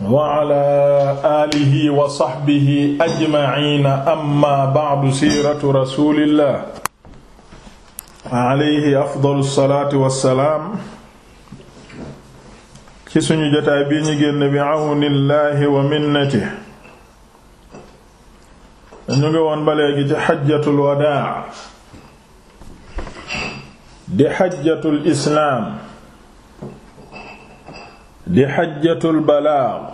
wa ala alihi wa sahbihi ajmaina amma ba'du siiratu rasulillah alayhi afdalu salaatu wassalaam ci suñu jotaay bi ñu génn bi awnillahi wa minnatihi ñu ngi woon ba léegi ci xajjatul wadaa di xajjatul islaam di xajjatul balaag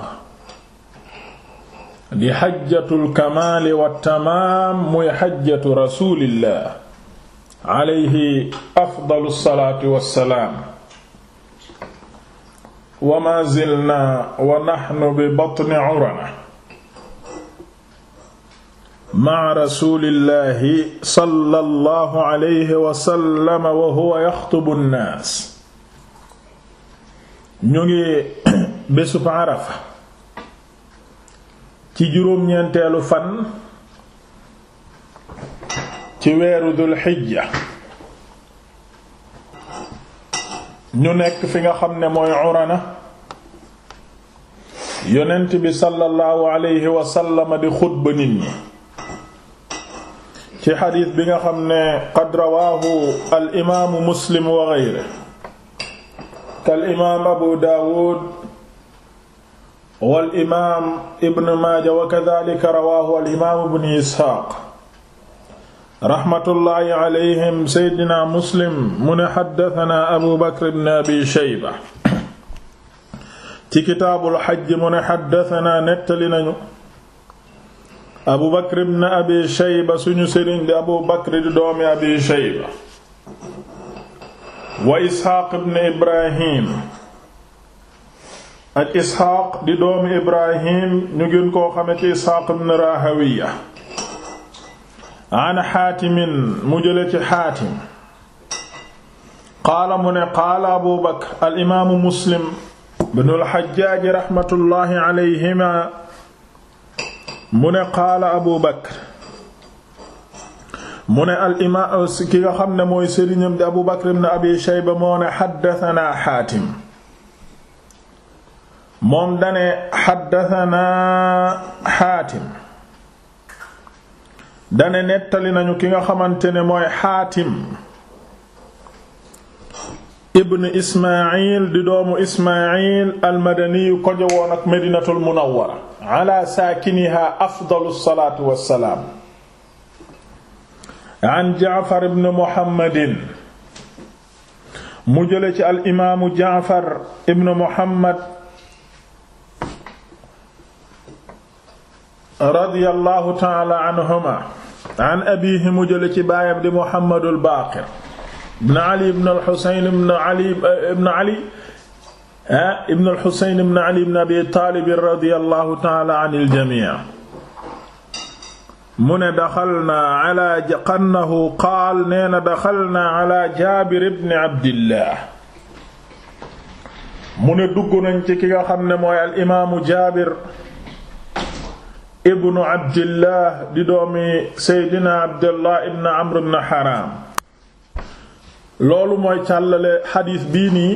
di xajjatul kamaali wa tamaam muy xajjatu rasuulillah alayhi afdalu salaatu wa salaam. wa maa zilnaa wa naxnu bi batni urana. maca rasuulillahi sallallahu alayhi wa sallam wa huwa yaxtubu nnaas. ñu ngi bésu Arafa ci juróom-ñeenteelu fan ci weeru dul xijja ñu nekk fi nga xam ne mooy Urana yonent bi sallallahu alayhi wa di xutba nit ñi ci xadiis bi nga xam ne qad rawaahu al imaamu Muslim wa ghayrihi kal imaam abu daawud wal imaam ibn maaja wa kadhalika rawaahu al imaam ibn isxaaq raxmatullaahi alayhim seydina muslim mu ne xaddatanaa abu bakr ibn abi sheyba ci kitaabul xaj mu ne xaddatanaa nettali nañu abu bakr ibn abi sheyba suñu sëriñ di abu bakr di doomi abi sheyba wa isxaaq ibn ibrahim ak isxaaq di doomi ibrahim ñu gën koo xame ci isxaaq ibn rahawiya an xaatimin mu jële ci xaatim qaala mu ne qaala abu bakr al imaamu muslim bnul xajjaaji raxmatullaahi alayhima mu ne qaala abu bakr mu ne al euh, xam ne mooy sëriñam di Abu Bakr ibn Abi Shayba moo ne xaddatanaa Xaatim moom dane xaddatanaa Xaatim dane nettali nañu ki nga xamante ne mooy Xaatim ibn Ismaayil di doomu Ismaayil almadaniyu ko jowoon ak Madinatul Munawwara ala saakiniha afdalu salaatu wassalaam an jaafar ibn muhammadin mu jële ci al imaamu jaafar ibn muhammad radiyallahu taala anhuma an abiihi mu jële ci baayam di muhammadul baaqir ibn ali ibn al xuseyn ibn ali ibn ali ah, ibn al xuseyn ibn ali ibn abi taalib radiyallahu taala anil jamii mu ne daxalnaa ala qannahu qaal nee na daxalnaa ala jaabir ibn abdillah mu ne dugg nañ ci ki nga xam ne mooy al imaamu jaabir ibnu abdillah di doomi seydina abdillah ibn amr ibn haram loolu mooy càllale xadiis bii nii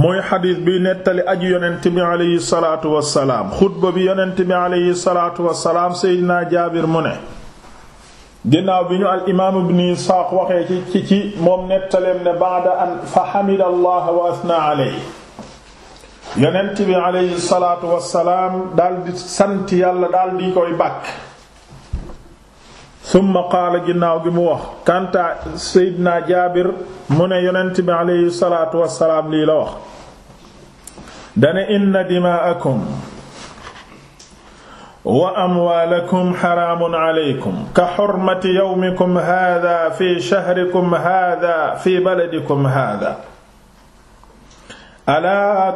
mooy xadiis bi nettali aju yonent bi aleyhi salaatu wassalaam xutba bi yonent bi aleyhi salaatu wassalaam seydinaa jaabir mu ne ginnaaw bi ñu al imaam ibn isxaaq waxee ci ci ci moom nettaleem ne baada an fa xamida allah wa asna aleyhi yonent bi aleyhi salaatu wassalaam daldi sant yàlla daldi koy bàkk summa qaala ginnaaw gi mu wax kanta seydinaa jaabir mu ne yonent bi aleyhi salaatu wassalaam lii la wax dane inna dimaakum wa amwaalakum xaraamun aleykum ka xurmati yawmikum haadaa fi shahrikum haadaa fi baladikum haadaa alaa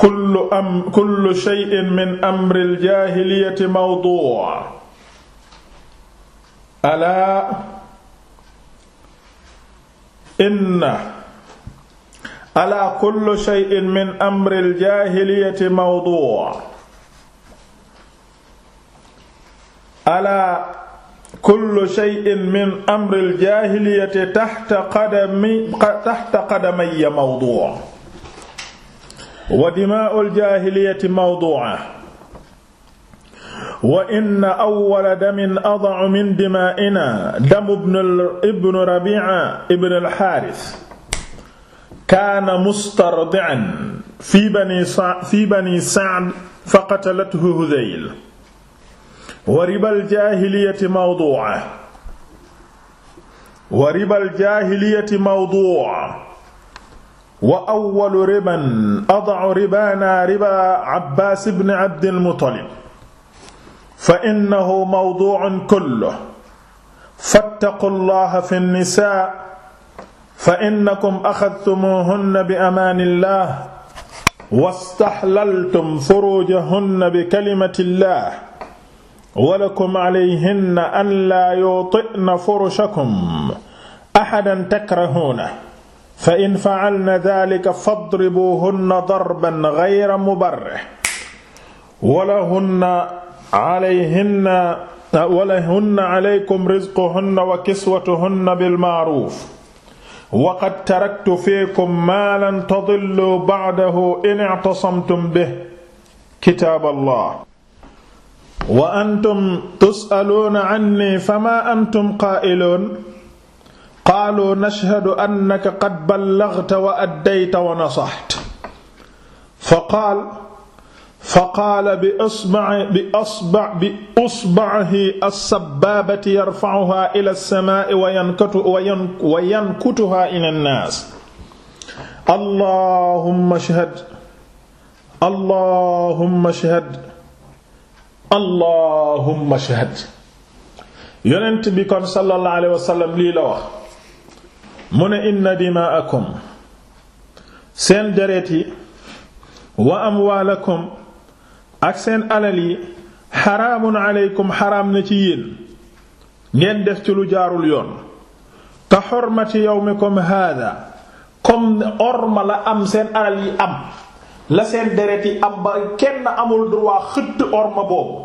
kullu am kullu shay'in min amril jaahiliyati mawduu' alaa inna alaa kullu shay'in min amril jaahiliyati mawdu' alaa kullu shay'in min amril jaahiliyati tahta qadami tahta qadamayya mawdu' wa dimaa'ul jaahiliyati mawdu'a wa inna awwala damin ada'u min dimaa'inaa damu ibn Rabi'a ibn al-Haaris kaana mustardi'an fi bani fi bani Sa'd fa qatalathu Hudhayl wa ribal jaahiliyati mawdu'a wa ribal jaahiliyati mawdu'a wa awwalu riban ad'u ribaana riba Abbaas ibn Abdil Muttalib fa innahu mawdu'un kulluhu fattaqullaha fin nisaa' fa innakum axadtumuhunna bi amaanillah wastaxlaltum furujahunna bi kalimatillah walakum alayhinna an laa yuti'na furushakum axadan takrahuuna fa in fa'alna daalika fadribuuhunna darban gayra mubarrih walahunna alayhinna walahunna alaykum rizquhunna wa kiswatuhunna bilma'ruuf waqad taraktu fiikum maa lan tadillu ba'dahu in i'tasamtum bihi kitaab allah wa antum tus'aluuna anni famaa antum qaa'iluun qaaluu nashhadu annaka qad ballagta wa addayta wa nasaxta fa qaala faqaala bi asba bi asba bi usbahi alsabaabati yarfacuha ila alsamaai wa yankutuha ila annaas allahumma ashhad allahumma ashhad allahumma ashhad yonent bi kon sallallahu alayhi wa sallam lii la wax mu ne inna dimaa'akum seen deret yi wa amwaalakum ak seen alal yi xaraamun aleykum xaraam na ci yéen ngeen def ci lu jaarul yoon ka xormati yawmikum hada comme orma la am seen alal yi am la seen deret yi am ba kenn amul droit xëtt orma boobu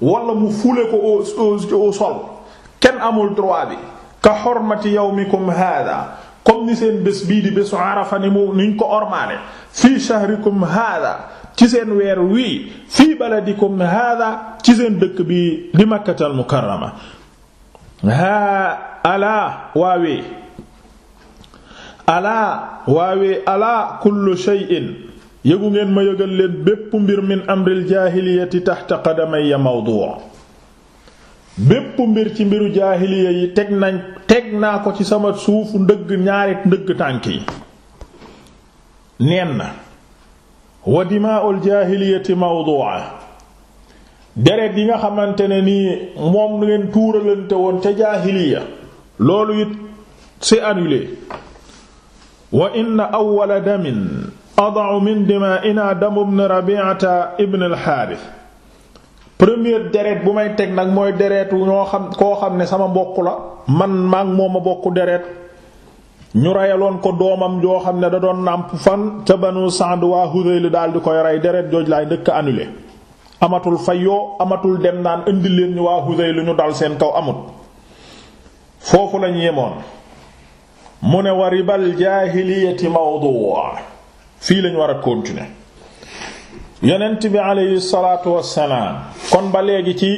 wala mu fule ko au au sol kenn amul droit bi ka xormati yawmikum hada ni seen bés bii di bésu arafa ni mu niñ ko ormaale fii shahrikum hada ci seen weer wii fii baladikum hada ci seen dëkk bi di makkatal mukarrama haa alaa waawee alaa waawee alaa yëgu ngeen ma yëgal leen bépp mbir min amril jaahiliyati tahta qadamayya mawdu' bépp mbir ci mbiru jaahiliya yi teg nañ teg naa ko ci sama suufu ndëgg ñaari ndëgg tànk yi neen na wa dimaa'ul jaahiliyati mawdu'a deret yi nga xamante ne nii moom ngeen tuuralante woon te jaahiliya loolu it c'est annulé wa inna awwala damin ad'u min dimaa'ina damu ibn rabi'ata ibn al première deret bu may teg nag mooy deret wu ñoo xam koo xam ne sama mbokk la man maak moom a bokk deret ñu reyaloon ko doomam joo xam ne da doon nàmp fan ca banu Sa'd waa Hudayl daal di koy rey deret jooj laay ndëkk anule amatul fa fayoo amatul dem naan indi leen ñu waa Hudayl ñu dal seen kaw amut foofu lañu yemoon mu ne waribal jaahiliyati mawdu' fii lañu war a continuer yonent bi aleyhi salaatu wassalaam kon ba léegi ci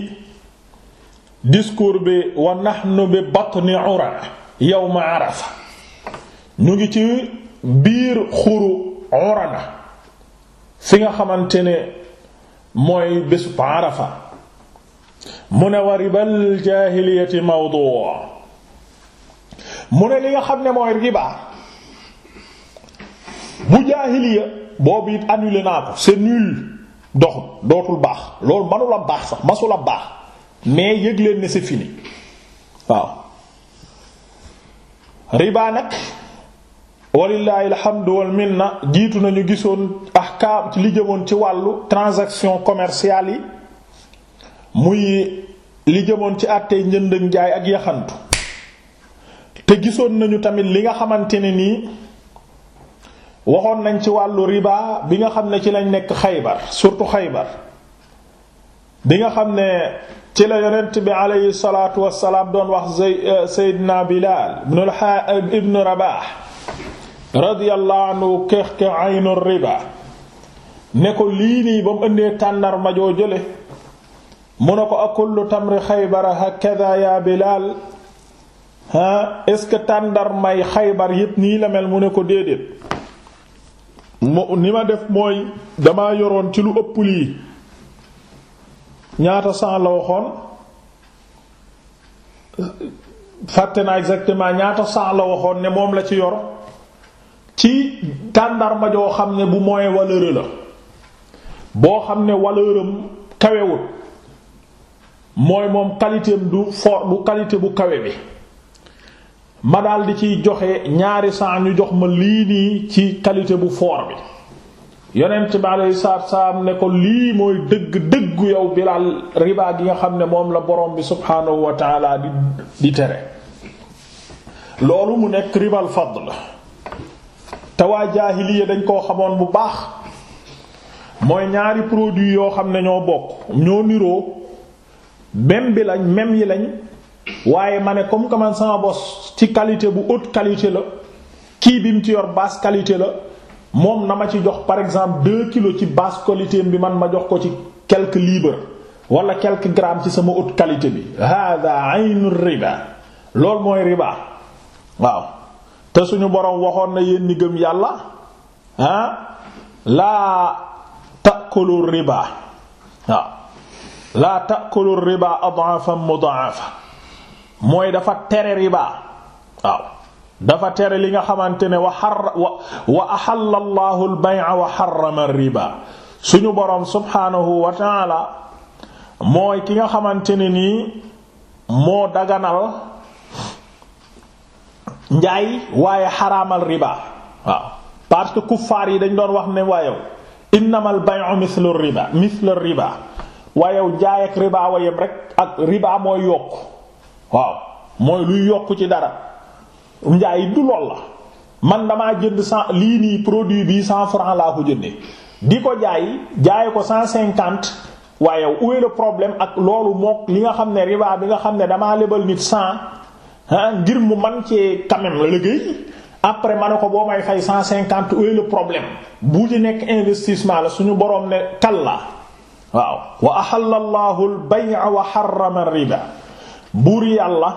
discours bi wa nahnu bi batni ura yawma arafa ñu ngi ci biir xuru urana fi nga xamante ne mooy bésu arafa mu ne wa ribal jaahiliyati mawdu' mu ne li nga xam ne mooy riba bu jaahiliya boobu it annulé naa ko c'est nul doxul dootul baax loolu manula baax sax masula baax mais yëg leen ne c'est fini waaw riba nag walillahi alhamdu wal minna jiitu nañu gisoon ahkaam ci li jëmoon ci wàllu transaction commercial yi muy li jëmoon ci àttee njënd ak njaay ak yaxantu te gisoon nañu tamit li nga xamante ne nii waxoon nañ ci wàllu riba bi nga xam ne ci lañ nekk xaybar surtout xaybar bi nga xam ne ci la yonent bi aleyhi salaatu wassalaam doon wax euh, Seydina Bilaal ibn euh, Rabaax radiyallahu anhu keex aynu riba ne ko lii nii ba mu ëndee tànnar ma joo jële mu ne ko akullu tamri xaybara hakada ya Bilaal ah est-ce que tàndar may xaybar yépp nii la mel mu ne ko déedéet mo ni ma def mooy dama yoroon ci lu ëpp lii ñaata cent la waxoon fàtte naa exactement ñaata cent la waxoon ne moom la ci yor ci tàndarma joo xam ne bu mooy valeur la boo xam ne valeuram kawewul mooy moom qualité du for du qualité bu kawe bi ma daal di ciy joxe ñaari saa ñu jox ma lii nii ci qualité bu fort bi yonent bi alayhi salaatu salaam ne ko lii mooy dëgg dëggu yow Bilaal riba gi nga xam ne moom la borom bi subhaanahu wa taala di di loolu mu nekk ribal fadl te waa jaahiliya dañ koo xamoon bu baax mooy ñaari produit yoo xam ne ñoo bokk ñoo niroo même bi lañ même yi lañ waaye ma ne comme que sama bos ci qualité bu haute qualité la kii bi mu ci yor basse qualité la moom na ma ci jox par exemple deux kilos ci basse qualité bi man ma jox ko ci quelques livres wala quelques grammes ci sama haute qualité bi hada aynu riba loolu mooy riba waaw te suñu boroom waxoon na yéen ñi gëm yàlla ah laa takulu riba waaw laa takulu riba adafan mudaafa mooy dafa tere riba waaw dafa tere li nga xamante ne wa xar wa axalla allahu al-bay'a wa xarrama ar-riba suñu boroom subhaanahu wa ta'ala mooy ki nga xamante ne nii moo daganal njaay waaye xaraamal riba waaw parce que kuffaar yi dañ doon wax ne waayow innamal bay'u mithlu riba mithlu riba waayow njaay ak riba wayem rek ak riba mooy yokk waaw mooy luy yokk ci dara njaay du lool la man damaa jënd cent lii nii produit bi cent francs laa ko jëndee di ko jaay jaay ko cent cinquante waaye où est problème ak loolu mook li nga xam ne riba bi nga xam ne damaa lebal nit cent ngir mu man ci quand même la liggéey après ma ne ko boo may fay cent cinquante problème bu di nekk investissement la suñu boroom ne la waaw wa ahalla allahu al wa harrama riba buur yàlla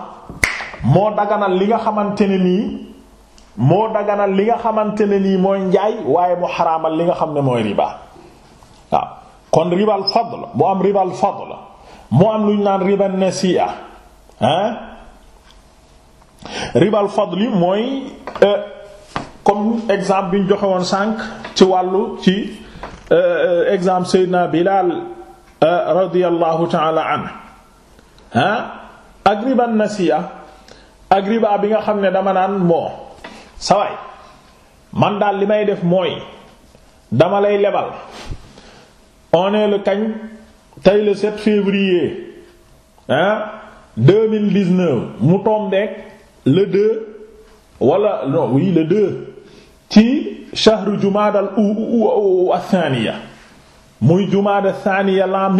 moo daganal li nga xamante ne nii moo daganal li nga xamante ne nii mooy njaay waaye mu xaraamal li nga xam ne mooy riba waaw kon ribal fadl mu am ribal fadl mu am lu ñu naan riba nasi'a hein ribal fadli mooy euh, comme exemple bi ñu joxe woon sànq ci wàllu ci euh, exemple Seydina Bilal euh, radiyallahu ta'ala anhu hein ak riba nasi'a ak riba bi nga xam ne dama naan moo sawaay man daal li may def mooy dama lay lebal on est le kañ tey le 7 février hein 2019 mu tombeek le 2 walla non oui le 2 ci shahru jumaadal u athaniya muy jumaada thaniya la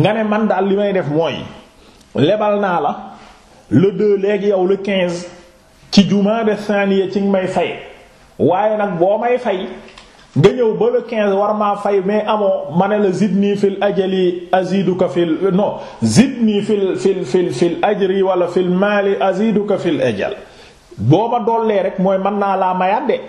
nga ne man daal li may def mooy lebal naa la le deux léegi yow la quinze ci jumaada thaniya ci may fay waaye nag boo may fay nga ñëw ba le quinze war maa fay mais amoo ma ne la zidni fil ajali aziduka fil non zidni fil fil fil fil ajri wala fil maali aziduka fil ajal boo ma doolee rek mooy man naa laa ma de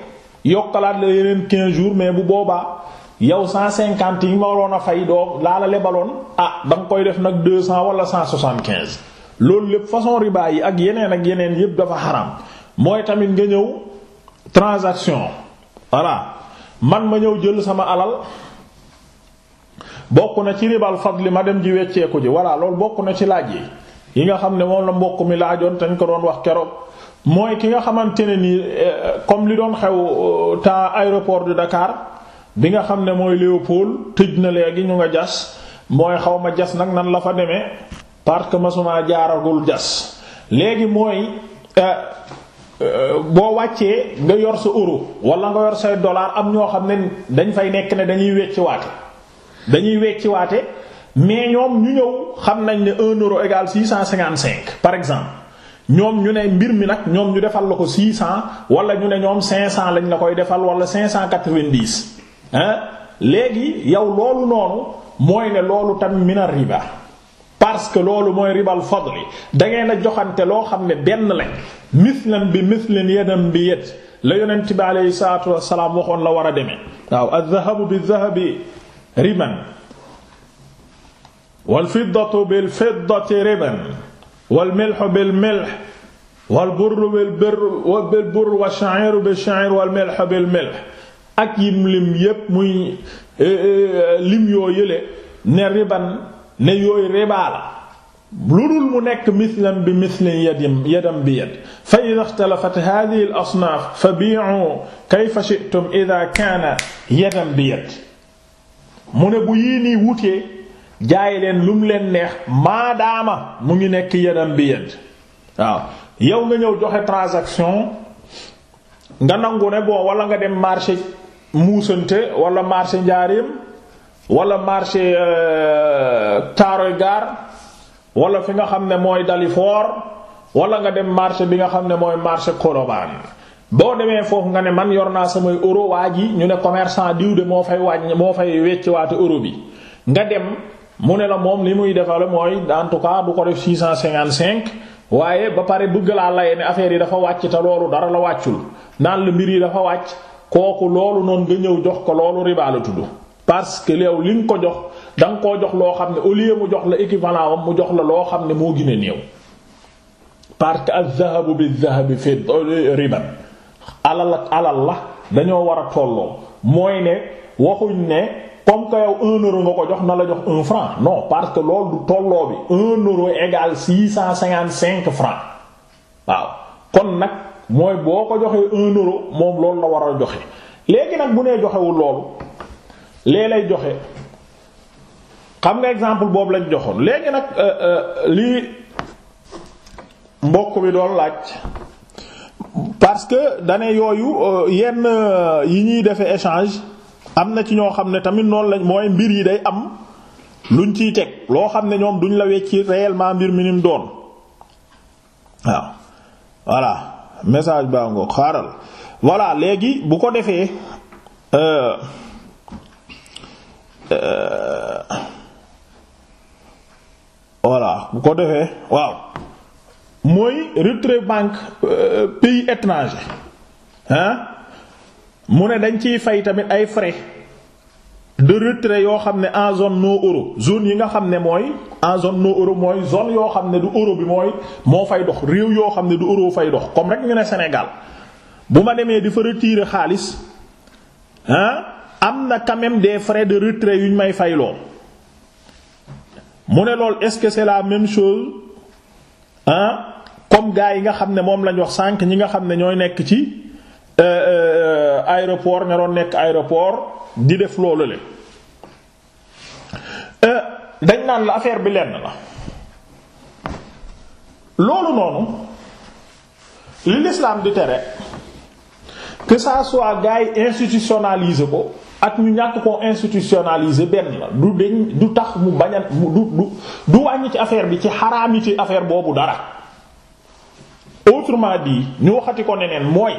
yokkalaat la yeneen quinze jours mais bu boobaa yow cent cinquante yi ma waroon a fay doo laa la lebaloon ah da nga koy def nag deux cent wala cent soixante quinze loolu lépp façon riba yi ak yeneen ak yeneen yépp dafa xaram mooy tamit nga ñëw transaction voilà man ma ñëw jël sama alal bokk na ci ribal fadli ma dem ji wecceeku ji voilà loolu bokk na ci laaj yi yi nga xam ne moom la mbokk mi laajoon te ko doon wax keroog mooy ki nga xamante ne nii eh, comme li doon xew euh, temps aéroport de Dakar bi nga xam ne mooy Léopold tëj na léegi ñu nga jas mooy xaw ma jas nag nan la fa demee. parce que masuma jaaragul jas léegi mooy euh, euh, boo wàccee nga yor sa euro wala nga yor say dollar am ñoo xam ne dañ fay nekk ne dañuy wecci waate dañuy wecci waate mais ñoom ñu ñëw xam nañ ne un euro égal six cent cinquante cinq par exemple ñoom ñu ne mbir mi nag ñoom ñu defal la ko six cent wala ñu ne ñoom cinq cent lañ la koy defal wala cinq cent quatre vingt léegi yow loolu noonu mooy ne loolu tam mina riba parce que loolu mooy ribal fadli da ngeen a joxante loo xam ne benn lañ mislan bi mislin yadam bi yad la yonent bi aleyhi salaatu wassalaam waxoon la war a demee waaw adh-dhahabu bi-dhahabi riban wal-fiddatu bil-fiddati riban wal-milhu bil-milhi wal-burru bil-burri wash-sha'iru bish-sha'iri wal-milhu bil-milhi ak yim lim yépp muy eh, eh, lim yoo yële ne riban ne yooyu ribaa lu dul mu nekk mislan bi mislin yadim yadam bi yad fa ida ixtalafat hadihi al asnaaf fa bi'u kayfa shi'tum ida kaana yadam bi yad mu ne bu yii nii wutee jaay leen lu mu leen neex maadaama mu ngi nekk yadam bi yad waaw yow nga ñëw joxe transaction nga nangu ne boo wala nga dem marché muusante wala marché njaareem wala marché euh, Thiaroye gar wala fi nga xam ne mooy Dalifort wala nga dem marché bi nga xam ne mooy marché Colobane boo demee foofu nga ne man yor naa samay euro waa ji ñu ne commerçant diw de moo fay wàññ moo fay wecciwaate euro bi nga dem mu ne la moom li muy defale mooy en tout cas du ko def 655 waaye ba pare bëgg laa laye ne affaire yi dafa wàcc te loolu dara la wàccul naan la mbir yi dafa wàcc kooku loolu noonu nga ñëw jox ko loolu riba tudd parce que yow li nga ko jox da nga koo jox loo xam ne au lieu mu jox la équivalent mu jox la loo xam ne moo gën a néew parce que az-zahabu biz-zahabi fi riba alal ak alal la dañoo war a tolloo mooy ne waxuñ ne comme que yow un euro nga ko jox na la jox un franc non parce que lool du tolloo bi un euro égal six cent cinquante cinq francs waaw kon nag mooy boo ko joxee un euro moom loolu la war a joxe léegi nag bu nee joxewul loolu lee lay joxe xam nga exemple boobu lañ joxoon léegi nag euh, euh, lii mbokk bi doon laaj parce que dane yooyu euh, yenn yi ñuy defee échange am na ci ñoo xam ne tamit noonu lañ mooy mbir yi day am luñ ciy teg loo xam ne ñoom duñ la wecci réellement mbir mi nim doon waaw voilà message baa ngoog xaaral voilà léegi bu ko defee. Euh, voilà bu ko defee waaw mooy retrait banque euh, pays étranger hein mu ne dañ ciy fay tamit ay frais de retrait yoo xam ne en zone non euro zone yi nga xam ne mooy en zone non euro mooy zone yoo xam ne du euro bi mooy moo fay dox réew yoo xam ne du euro fay dox comme rek ñu ne Sénégal bu ma demee di fa retirer xaalis hein am na quand même des frais de retrait yu ñu may fayloo mu ne lool est-ce que c'est la même chose hein comme gars yi nga xam ne moom lañ wax sànq ñi nga xam ne ñooy nekk ci euh, euh, aéroport nga doon nekk aéroport di def loolu le euh, dañ naan la affaire bi lenn la loolu noonu li l'islam di tere que ça soit gars yi institutionnalisé ko ak ñu ñàkk koo institutionnaliser benn la du deñ du tax mu bañ a du du wàññi ci affaire bi ci xaraam ci affaire boobu dara autrement dit ñu waxati ko neneen mooy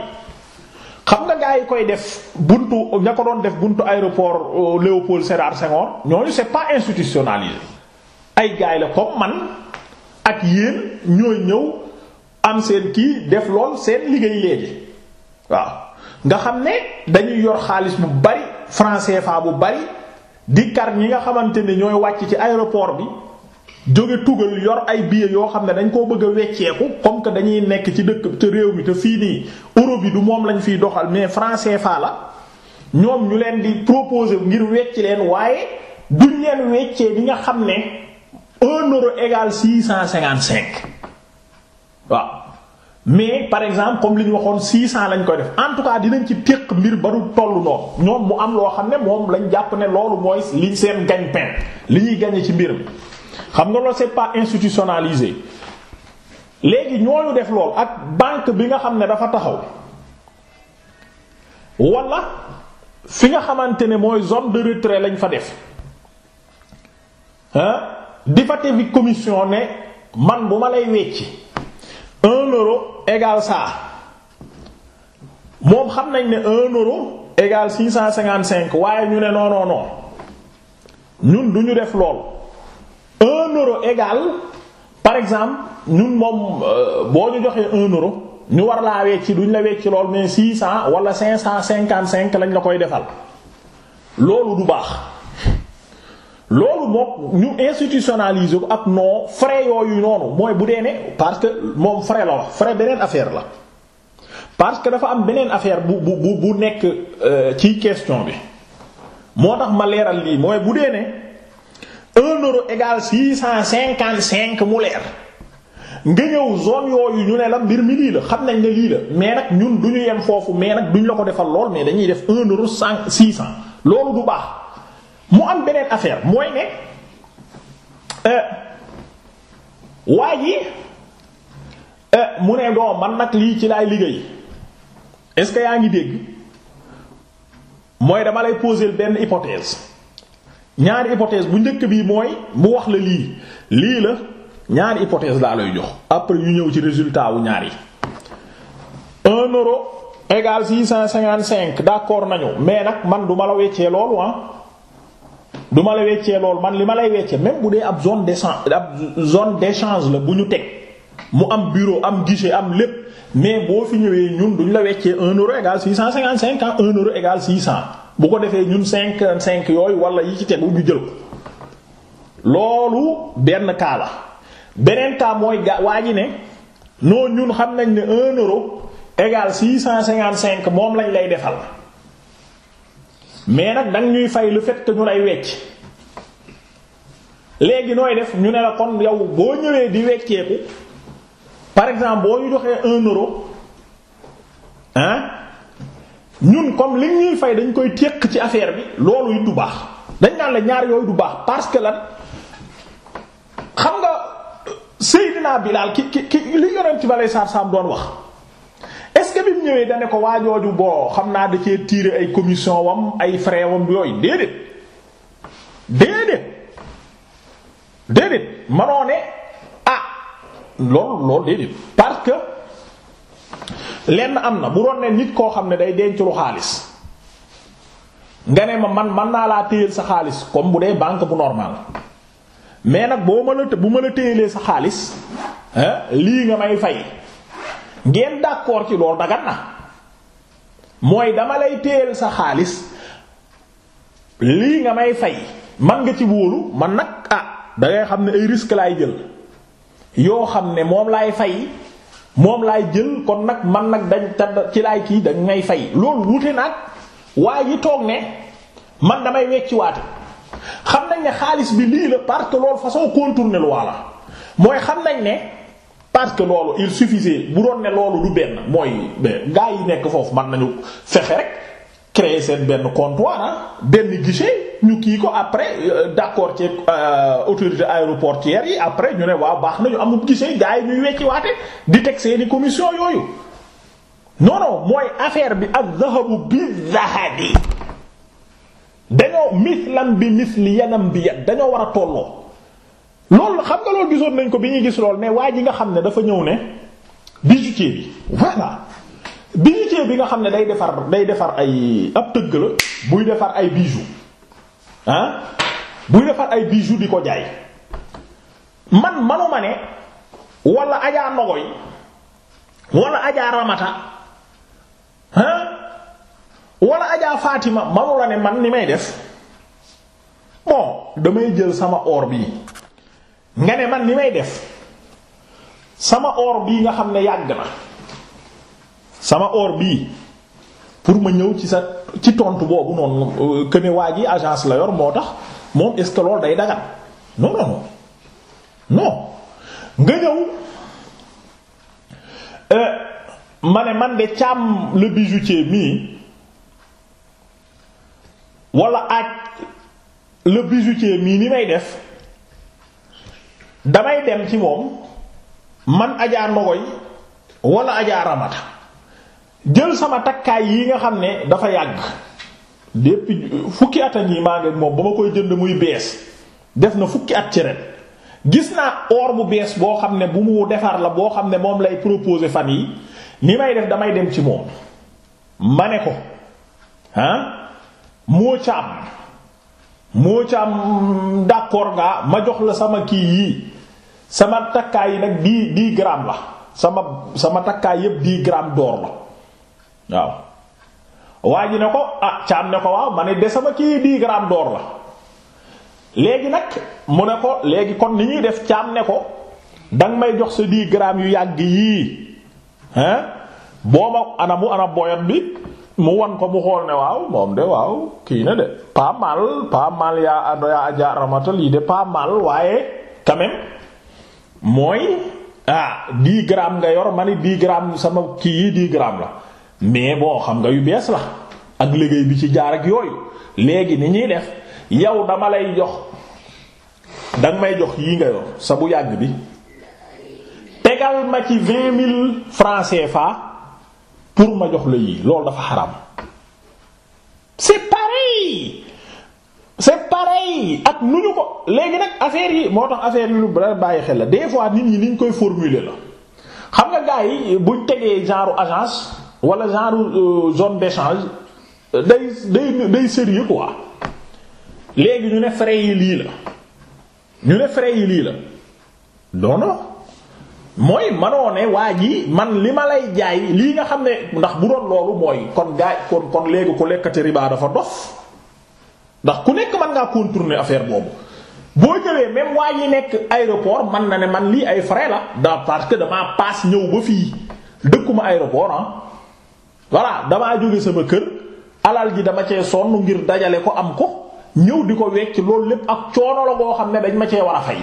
xam nga gaa yi koy def buntu ña ko doon def buntu aéroport euh, Léopold Sédar Senghor ñooñu c'est pas institutionnalisé ay gaa la comme man ak yéen ñooy ñëw am seen kii def lool seen liggéey léegi waaw nga xam ne dañuy yor xaalis bu bari franc CFA bu bari di kar ñi nga xamante ni ñooy wàcc ci aéroport bi jóge tugal yor ay billets yoo xam ne dañ koo bëgg a wecceeku comme que dañuy nekk ci dëkk te réew mi te fii nii euro bi du moom lañ fiy doxal mais franc CFA la ñoom ñu leen di proposer ngir wecci leen waaye duñ leen weccee bi nga xam ne un euro égal six cent waaw mais par exemple comme li ñu waxoon 600 lañ koy def en tout cas dinañ ci téq mbir ba du tollu noonu ñoom mu am loo xam ne moom lañ jàpp ne loolu mooy ñu seen gagne-pain li ñuy gagner ci mbir mi xam nga loolu c'est pas institutionnalisé léegi ñooñu def lool ak banque bi nga xam ne dafa taxaw wala fi nga xamante ne mooy zone de retrait lañ fa def di fa tevi commission ne man bu ma lay wecci un euro égale ça moom xam nañ ne un euro égale six cent cinquante cinq waaye ñu ne non ñun du ñu def lool un euro égale par exemple ñun moom euh, boo ñu joxee un euro ñu war laa wecci duñ la wecci lool mais six cent wala cinq cent cinquante cinq lañ la koy defal loolu du baax. loolu moom ñu institutionnaliser ko ak non frais yooyu noonu mooy bu dee ne parce que moom frais la wax frais beneen affaire la parce que dafa am beneen affaire bu bu bu nekk euh, ci question bi moo tax ma leeral lii mooy bu dee ne un euro égal six cent cinquante cinq mu leer nga ñëw zone yooyu ñu ne la mbir mi lii la xam nañ ne lii la mais nag ñun duñu ñu yem foofu mais nag duñu la ko defal lool mais dañuy def un euro cinq six cent loolu du baax. mu am beneen affaire mooy ne euh, euh, mu ne doo man nag lii ci laay liggéey est yaa ngi dégg mooy dama lay poser benn hypothèse ñaari hypothèse bu njëkk bi mooy mu wax la lii lii la ñaari hypothèse laa jox après yu ñëw ci résultat wu ñaar yi un euro égal six cent cinquante-cinq d'accord nañu mais nag man duma la weccee loolu ah duma la weccee lool man li ma lay weccee même bu dee ab zone d'échange ab zone d'échange la bu ñu teg mu am bureau am guichet am lépp mais boo fi ñëwee ñun duñ la weccee 1 euro égale 655 ah 1 euro égale 600 bu ko defee ñun cinq cinq yooyu wala yi ci tegu ñu jël ko loolu benn kaala beneen cas mooy ga waa ji ne noonu ñun xam nañ ne 1 euro égale 655 moom lañ lay defal. mais nag danga ñuy fay lu fait que ñu ay wecc léegi nooy def ñu ne la kon yow boo ñëwee di wecceeku par exemple boo ñu joxee un euro hein ñun comme li ñuy fay dañ koy téq ci affaire bi loolu it du baax dañ naan la ñaar yooyu du baax parce que lan xam nga Seydina Bilal ki ki ki li ci bi aleyhi salaam doon wax que bi mu ñëwee da ne ko waajooju boo xam naa da cee tiire ay commission wam ay frais wam yooyu déedéet déedéet déedéet manoo ne ah loolu déedéet parce que lenn am na bu doon ne nit koo xam ne day denc lu xaalis nga ne ma man man naa laa téyel sa xaalis comme bu dee banque bu normal mais nag boo ma la bu mën a téyelee sa xaalis lii nga may fay. ngeen d'accord ci loolu dagat na mooy dama lay téyel sa xaalis lii nga may fay man nga ci wóolu man nag ah dangay xam ne ay risque laay jël yoo xam ne moom laay fay moom laay jël kon nag man nag dañ tadd ci laay kii dañ may fay loolu wuute nag waaye ji toog ne man damay wecci waate xam nañ ne xaalis bi lii la parce que loolu façon contourner loi la mooy xam nañ ne parce que loolu il suffisait bu doon ne loolu du benn mooy gaa yi nekk foofu man nañu fexe rek créer seen benn comptoir ah benn guichet ñu kii ko après euh, d'accord ci euh, autorité aéroportière yi après ñu ne waaw baax nañu amul guichet gaa yi ñuy wecci waate di teg seeni commission yooyu non non mooy affaire bi ak zahabu bi zahabi dañoo mislam bi misli yanam bi yan dañoo war a tolloo loolu xam nga loolu gisoon nañ ko bi ñuy gis lool ne waa ji nga xam ne dafa ñëw ne bijoutier bi voilà bijoutier bi nga xam ne day defar day defar ay ab tëgg la buy defar ay bijoux ah buy defar ay bijoux di ko jaay man manuma ne wala ajaa nogoy wala ajaa ramata ah wala ajaa Fatima manu ne man ni may def bon damay jël sama or bi nga ne man ni may def sama or bii nga xam ne yàgg na sama or bii pour ma ñëw ci sa ci tontu boobu noonu euh, que ne waa ji agence la yor moo tax moom est day dagan non non nga ñëw euh, ma ne man de càmm le bijoutier mii wala aaj le bijoutier mii ni may def. damay dem ci moom man ajaa nogoy wala ajaa ramata jël sama takkaay yi nga xam ne dafa yàgg depuis fukki at a maa ngi moom ba ma koy jënd muy bees def na fukki at ci gis naa or bu bees boo xam ne bu mu defar la boo xam ne moom lay proposer fan yi ni may def damay dem ci moom ma ne ko ah moo ca am moo ca am d'accord nga ma jox la sama kii yii sama takkaay yi nag dix dix grammes la sama sama takkaay yépp dix grammes d'or la waaw waa ne ko ah caam ne ko waaw ma ne de sama kii dix grammes door la léegi nag mu ne ko léegi kon ni ñuy def caam ne ko danga may jox sa dix grammes yu yàgg yii hein boo ma anamu ana boyot bi mu wan ko mu xool ne waaw moom de waaw kii na de pas mal pas mal yaa ado yaa aja ramatal yi de pas mal waaye quand mooy ah 10 nga yor ma ni 10 grammes sama kii yi 10 grammes la mais boo xam nga yu bees la ak liggéey bi ci jaar ak yooyu léegi ni ñuy def yow dama lay jox danga may jox yii nga yor sa bu yàgg bi tegal ma ci 20 000 francs CFA pour ma jox la yii loolu dafa xaram c'est pareil c'est pareil ak nu ñu ko léegi nag affaire yi moo tax affaire yi lu bàyyi xel la des fois nit ñi niñ koy formuler la xam nga gars yi buñ tegee genre agence wala genre euh, zone d'échange euh, day day day sérieux quoi léegi ñu ne frais yi lii la ñu ne frais yi lii la non non mooy manoo ne waa ji man li ma lay jaay lii nga xam ne ndax bu doon loolu mooy kon gaay kon kon léegi ku lekkati riba dafa dof ndax ku nekk mën ngaa contourner affaire boobu boo jëlee même waa yi nekk aéroport man na ne man lii ay frais la da parce que damaa paas ñëw ba fii dëkkuma aéroport am ah. voilà damaa jóge sama kër alal ji dama cee sonn ngir dajale ko am ko ñëw di ko wecc loolu lépp ak coono la goo xam ne dañ ma cee war a fay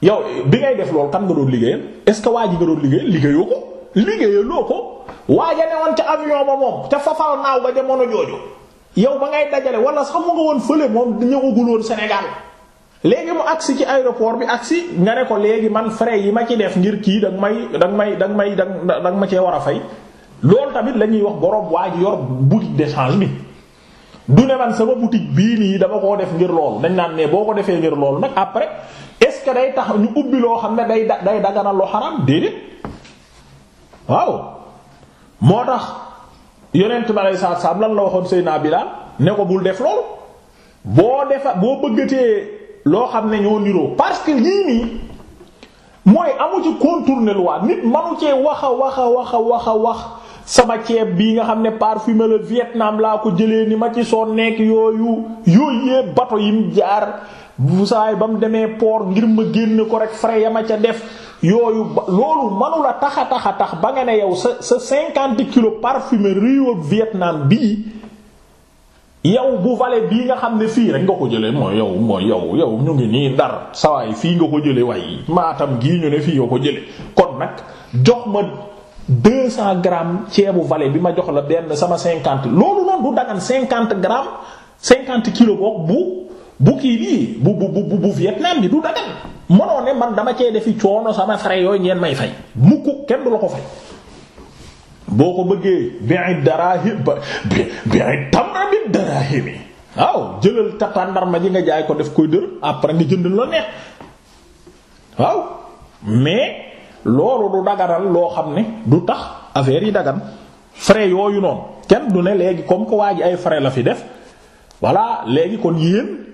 yow bi ngay def loolu kan nga doon liggéeyal est ce que waa ji nga doon liggéeyal liggéeyoo ko liggéeyaloo ko waaja newoon ca avion ba moom ca fafal naaw yow ba ngay dajale wala sax mu nga woon fële moom ñëwagul woon Sénégal léegi mu agsi ci aéroport bi agsi nga ne ko léegi man frais yi ma ci def ngir kii danga may danga may danga may danga ma cee war a fay loolu tamit la wax borom waa yor boutique d'échange bi du ne man sama boutique bii nii dama koo def ngir dañ naan ne boo ko defee ngir loolu nag après est-ce que day tax ñu ubbi loo xam ne day day daganal lu xaram déedéet waaw moo tax yonent bi aleyhi salaatu salaam lan la waxoon bi Bilaal ne ko bul def loolu boo defa boo bëggatee loo xam ne ñoo niroo parce que lii nii mooy amu ci contourner loi nit manu cee wax a wax a wax a wax a wax sama ceeb bii nga xam ne parfumé le Vietnam laa ko jëlee ni ma ci soo nekk yooyu yooyu yee bato yim jaar bu saay ba mu demee port ngir ma génn ko rek frais ya ma ca def yooyu loolu a taxa taxa tax ba nga ne yow sa sa cinquante kilos parfumé rio Vietnam bi yow bu vale bii nga xam ne fii rek nga ko jëlee mooy yow mooy yow yow ñu ngi nii ndar sawaay fii nga ko jëlee waaye maatam gii ñu ne fii nga ko jëlee kon nag jox ma deux cent grammes ceebu vale bi ma jox la benn sama cinquante loolu noonu cinquante grammes cinquante kilos boog bu bu kii bii bu bu bu bu Vietnam bi du dagal mënoo ne man dama cee defi coono sama frais yooyu ngeen may fay mukk kenn du la ko fay. boo ko bëggee bi'i darahim bi bi'i tamra bi darahim waaw jëlal tàndarma ji nga jaay ko def koy dër après nga jënd la neex waaw mais loolu du daganal loo xam ne du tax affaire yi dagan frais yooyu noonu kenn du ne léegi comme que waa ji ay frais la fi def voilà léegi kon yéen.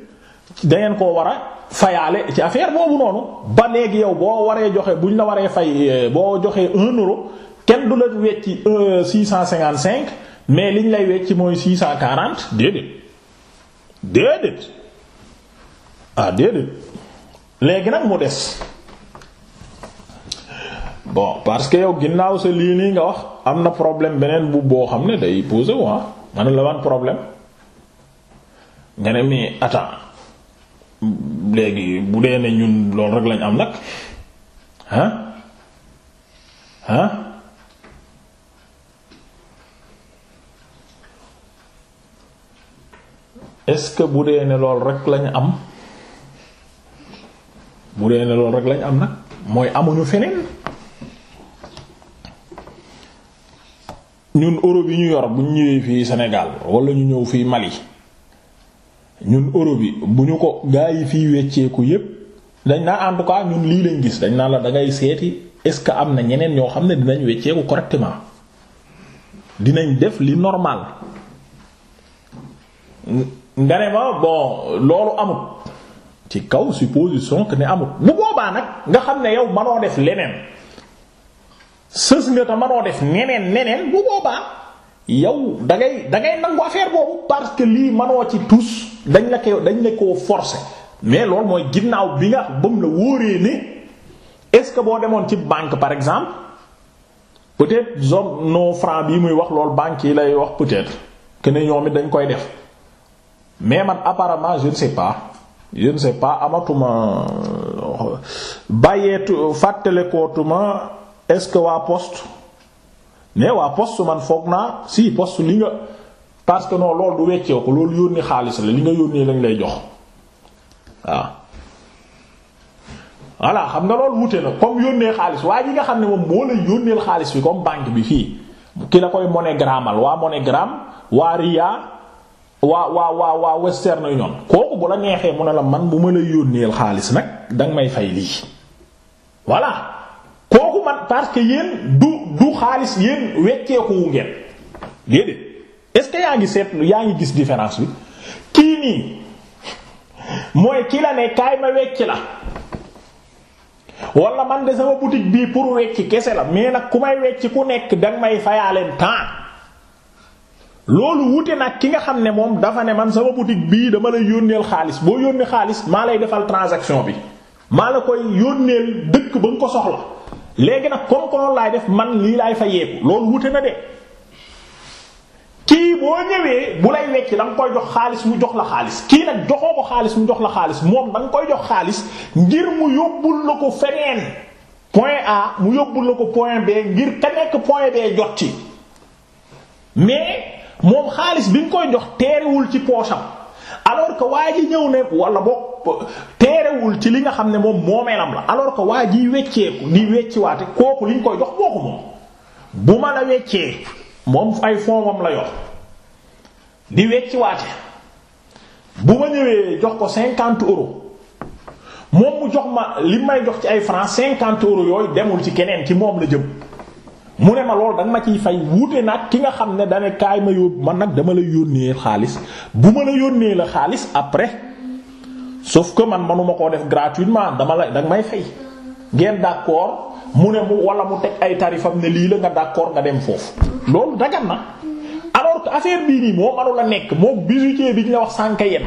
dangeen koo war a fayaale ci affaire boobu noonu ba léegi yow boo waree joxe buñ la waree fay eh, boo joxee un euro kenn du la wecci euh, six cent cinquante cinq mais liñ lay wecci mooy six cent quarante déedéet déedéet ah déedéet léegi nag mu des bon parce que yow ginnaaw sa lii nii nga wax am na problème beneen bu boo xam ne day poser waa ah. man la wan problème nga ne mais attends léegi bu dee ne ñun loolu rek lañ am nag ah ah est-ce que bu dee ne loolu rek lañu am bu dee ne loolu rek lañ am nag mooy amuñu feneen ñun Europe yi ñu yor bu ñu ñëwee fii senegal wala ñu ñëw fii Mali. ñun Europe yi bu ñu ko gaa yi fiy wecceeku yépp dañ naa en tout cas ñun lii lañ gis dañ naa la dangay seeti est-ce que am na ñeneen ñoo xam ne dinañ wecceeku correctement dinañ def li normal nga ne ma bon loolu amut ci kaw supposition que ne amut bu boobaa nag nga xam ne yow manoo def leneen sës nga te manoo def neneen neneen bu boobaa yow da ngay da ngay nangu affaire boobu parce que lii manoo ci tous dañ la ko dañ la koo forcer mais loolu mooy ginnaaw bi nga ba mu la wóoree ne est-ce que boo demoon ci banque par exemple peut-être zone non franc bi muy wax loolu banque yi lay wax peut-être que ne ñoom it dañ koy def mais man apparemment je ne sais pas je ne sais pas amatuma euh, bàyyeetu fàttalekootuma est-ce que waa post mais waa poste man foog naa si post li nga parce que non loolu du weccee ko loolu yónni xaalis la li nga yónnee lañu lay jox waaw voilà xam nga loolu wute na comme yónnee xaalis waa ji nga xam ne moom moo lay yónneel xaalis bi comme banque bi fii ki la koy MoneyGramal waa MoneyGram waa Ria waa waa waa waa Western Union kooku bu la neexee mu ne la man bu ma lay yónneel xaalis nag danga may fay lii voilà parce que yéen du du xaalis yéen wecceeku wu ngeen déedéet est-ce que yaa ngi seetlu yaa ngi gis différence bi kii nii mooy ki la ne kaay ma wecc la wala man de sama boutique bii pour wecc kese la mais nag ku may wecc ku nekk danga may fayaaleen temps loolu wute nag ki nga xam ne moom dafa ne man sama boutique bii dama lay yónneel xaalis boo yónnee xaalis maa lay defal transaction bi maa la koy yónneel dëkk ba nga ko soxla léegi nag comme konoon laay def man lii laay fayeeku loolu wute na de kii boo ñëwee bu lay wecc da nga koy jox xaalis mu jox la xaalis kii nag joxoo ko xaalis mu jox la xaalis moom da koy jox xaalis ngir mu yóbbul la ko feneen point A mu yóbbul la ko point B ngir ka nekk point B jot ci mais moom xaalis bi nga koy jox teerewul ci poosam alors que waa ji ñëw ne wala bokk teerewul ci li nga xam ne moom moo moomeelam la alors que waa jiy wecceeku di wecciwaate kooku liñ koy jox kooku moom bu ma la weccee moom ay fonds la yor di wecciwaate bu ma ñëwee jox ko cinquante euros moom mu jox ma li may jox ci ay francs cinquante euros yooyu demul ci keneen ci moom la jëm mu ne ma loolu danga ma ciy fay wuute nag ki nga xam ne dane kaay ma yóbbu man nag dama la yónnee xaalis bu ma la yónnee la xaalis après sauf que man manuma koo def gratuitement dama la danga may fay ngeen d'accord mu ne mu wala mu teg ay tarifam ne lii la nga d'accord nga dem foofu loolu dagan na alors que affaire bii nii moo manu nekk moom bijoutier bi ñu la wax sànq yem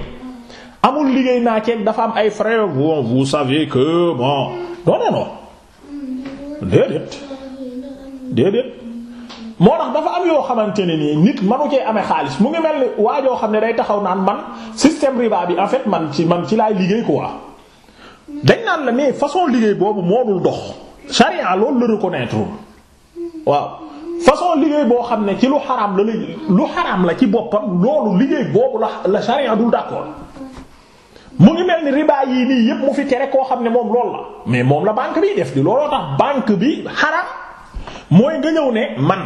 amul liggéey naa ceeb dafa am ay frais bon vous savez que bon non non non déedéet moo tax dafa am yoo xamante ne nii nit manu cee amee xaalis mu ngi mel ni waa joo xam ne day taxaw naan man système riba bi en fait man ci man ci laay liggéey quoi. dañ naan la mais façon liggéey boobu moo dul dox charia loolu la reconnaître waaw façon liggéey boo xam ne ci lu xaraam la lu xaraam la ci boppam loolu liggéey boobu la la charia dul d'accord mu ngi mel ni riba yii nii yépp mu fi tere koo xam ne moom loolu la mais moom la banque bi def di looloo bi xaraam nga ñëw ne man.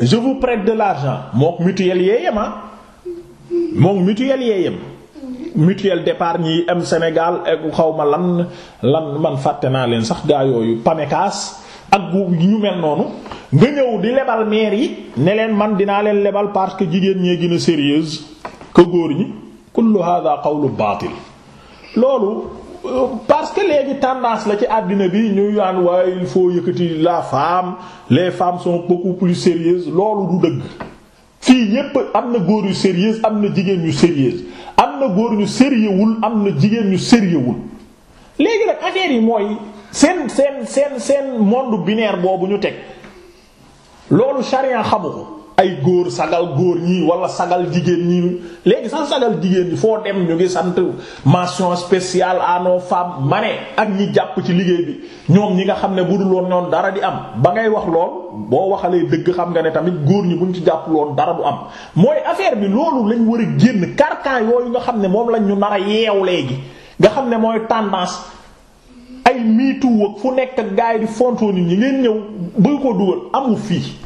je vous prête de l'argent mook mutuelle yeeyam ah mook mutuelle yeeyam mutuelle d'épargne yi am Sénégal ak eh, xawma lan lan man fàtte naa leen sax gaa yooyu pamekaas ak bu ñu mel noonu nga ñëw di lebal maire yi ne leen man dinaa leen lebal parce que jigéen ñee gën a sérieuse que góor ñi kullu xaw lu baatil loolu parce que léegi tendance la ci àddina bi ñuy yaan waaye il faut yëkkati la femme les femmes sont beaucoup plus sérieuses loolu du dëgg fii yépp am na góor yu sérieuses am na jigéen yu sérieuses am na góor ñu sérieuxwul am na jigéen ñu sérieuxwul léegi nag affaire yi mooy seen seen seen seen monde binaire boobu ñu teg loolu charia xamu ko ay góor sagal góor ñi wala sagal jigéen ñi léegi sax sagal jigéen ñi foo dem ñu ngi sant mention spéciale à nos femmes ma ak ñi jàpp ci liggéey bi ñoom ñi nga xam ne bu dul woon ñoom dara di am ba ngay wax lool boo waxalee dëgg xam nga ne tamit góor ñi buñ ci jàpp loon dara du am. mooy affaire bi loolu lañ war a génn carcan yooyu nga xam ne moom lañ ñu nar a yeew léegi nga xam ne mooy tendance ay miitu fu nekk gaay di fonto nit ñi ngeen ñëw bëgg ko dugal amu fii.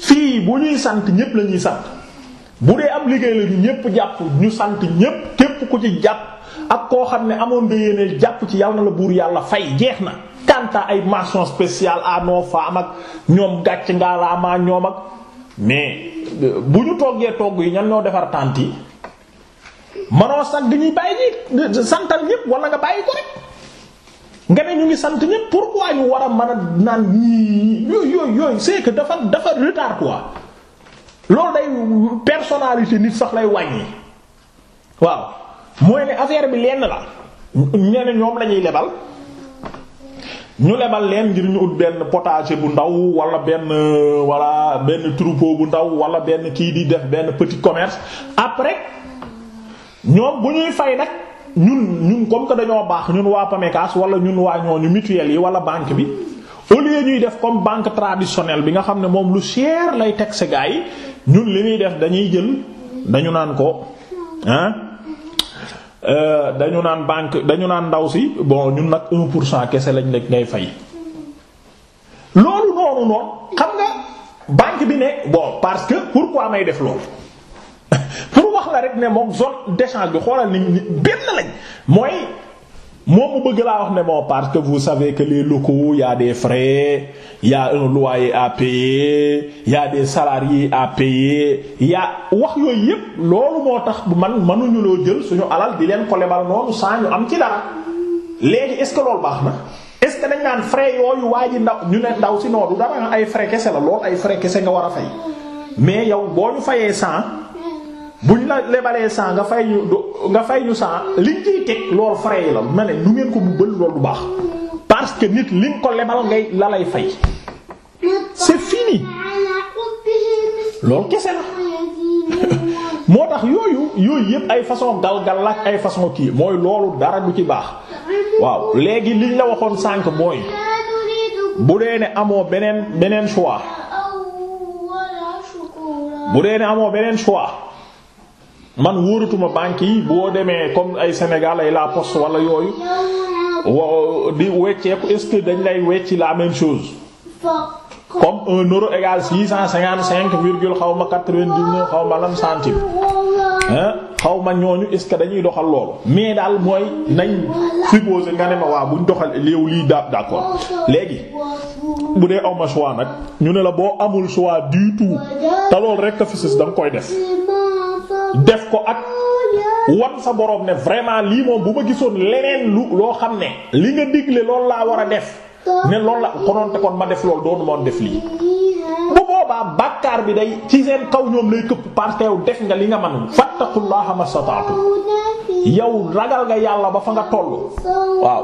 fii bu ñuy sant ñépp la ñuy sant bu dee am liggéey la ñu ñépp jàpp ñu sant ñépp képp ko ci jàpp ak koo xam ne amoon nga jàpp ci yàlla na la buur yàlla fay jeex na. kanta ay mention spéciale à nos femmes ak ñoom gàcc ngaa la ma ñoom ak mais euh, bu ñu toggee togg yi ñan ñoo defar tànt yi manoo sant dañuy bàyyi santal ñépp wala nga bàyyi ko rek. nga ne ñu ngi sant ñépp pourquoi ñu war a mën a naan yooyu yooyu yooyu c'est que dafa dafa retard quoi loolu day personnalité nit sax lay wàññi waaw mooy ne affaire bi lenn la ñeneen ñoom lañuy lebal ñu lebal leen ngir ñu ut benn potager bu ndaw wala benn wala benn troupeau bu ndaw wala benn kii di def benn petit commerce après ñoom bu ñuy fay nag. ñun ñun comme que dañoo baax ñun waa PAMECAS wala ñun waa ñooñu mutuelle yi wala banque bi au ñuy def comme banque traditionnelle bi nga xam ne moom lu cher lay teg sa yi ñun li ñuy def dañuy jël dañu naan ko ah dañu naan banque dañu naan ndaw si bon ñun nag 1 pour cent kese lañ lekk ngay fay. loolu noonu noonu xam nga banque bi ne boo parce que pour pourquoi may def loolu. pour wax la rek ne moom zone d'échange bi xoolal ni benn lañ mooy moom mu bëgg laa wax ne bon parce que vous savez que les locaux y a des frais y a un loyer à payer y a des salariés à payer y wax yooyu yépp loolu moo tax man mënuñu loo jël suñu alal di leen ko lebal noonu saa ñu am ci dara léegi est-ce que loolu baax na est-ce que dañ naan frais yooyu waa ji ndaw ñu ne ndaw si noonu dara ay frais kese la loolu ay frais kese nga war a fay mais yow boo ñu buñ la lebalee cent nga fay ñu nga fay ñu cent liñ ciy teg loolu frais yi la ma ne nu ngeen ko bu bëri loolu du baax parce que nit li ko lebal ngay la lay fay c'est loolu kese la moo tax yooyu yooyu yépp ay façon galgal ak ay façon kii mooy loolu dara du ci baax waaw léegi liñ la waxoon sànq mooy bu dee ne amoo beneen beneen choix bu amoo beneen choix. man wóoratuma banque yi boo demee comme ay Sénégal ay la poste wala yooyu wa di wecceeku est-ce que dañ lay wecci la même chose comme un euro égal six cent cinquante cinq virgule xaw ma quatre-vingt-dix-neuf xaw ma lan centime hein xaw ma ñooñu est-ce que dañuy doxal loolu mais daal mooy nañ supposé nga ne ma waa buñ doxal léew lii daab d'accord léegi bu dee awma choix nag ñu ne la boo amul choix du tout te loolu rek a fisis da nga koy def def ko ak wan sa borom ne vraiment lii moom bu ma gisoon leneen lu loo xam ne li nga dégle loolu laa war a def ne loolu la kononte kon ma def loolu doonu moon def lii bu boobaa bàkkaar bi day ci seen kaw ñoom lay këpp parce que yow def nga li nga mën fattaqullaha mastata'tu yow ragal nga yàlla ba fa nga toll waaw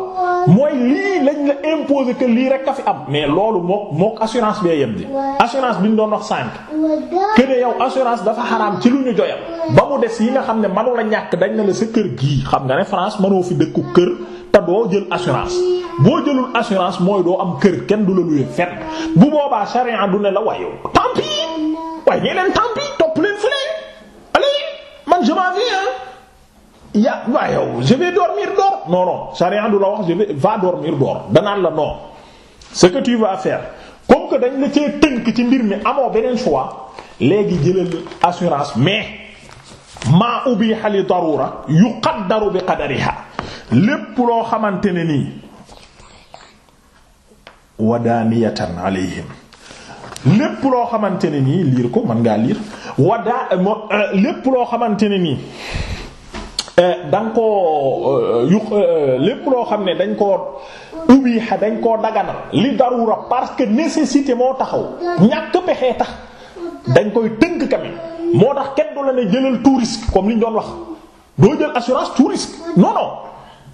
mooy lii lañ la imposer que lii rek a fi am mais loolu moo mook assurance bee yem di assurance bi ñu doon wax sànq que ne yow assurance dafa xaraam ci lu ñu joyal ba mu des yi nga xam ne manu la ñàkk dañ na la sa kër gii xam nga ne France mënoo fi dëkku kër te doo jël assurance boo jëlul assurance mooy doo am kër kenn du la luy fet bu boobaa charia du ne la wayo tant waaye ñee leen topp leen fële allez ya waa yow je vais dormir dors non non du la wax je vais va dormir dors danaan la non ce que tu vas faire comme que dañ la cee tënk ci mbir mi amoo beneen choix léegi jëlal assurance mais maa ubiha li darura yuqaddaru bi qadariha lépp loo xamante ne nii wadaaniyatan alayhim lépp loo xamante ne nii liir ko mën ngaa liir wadaa euh, lépp loo xamante ne nii da nga koo lépp loo xam ne dañ koo ubiixa dañ koo daganal li darura parce que nécessité moo taxaw ñàkk pexee tax dañ koy tënk kami moo tax kenn du la ne jëlal tout comme li ñu doon wax doo jël assurance tout risque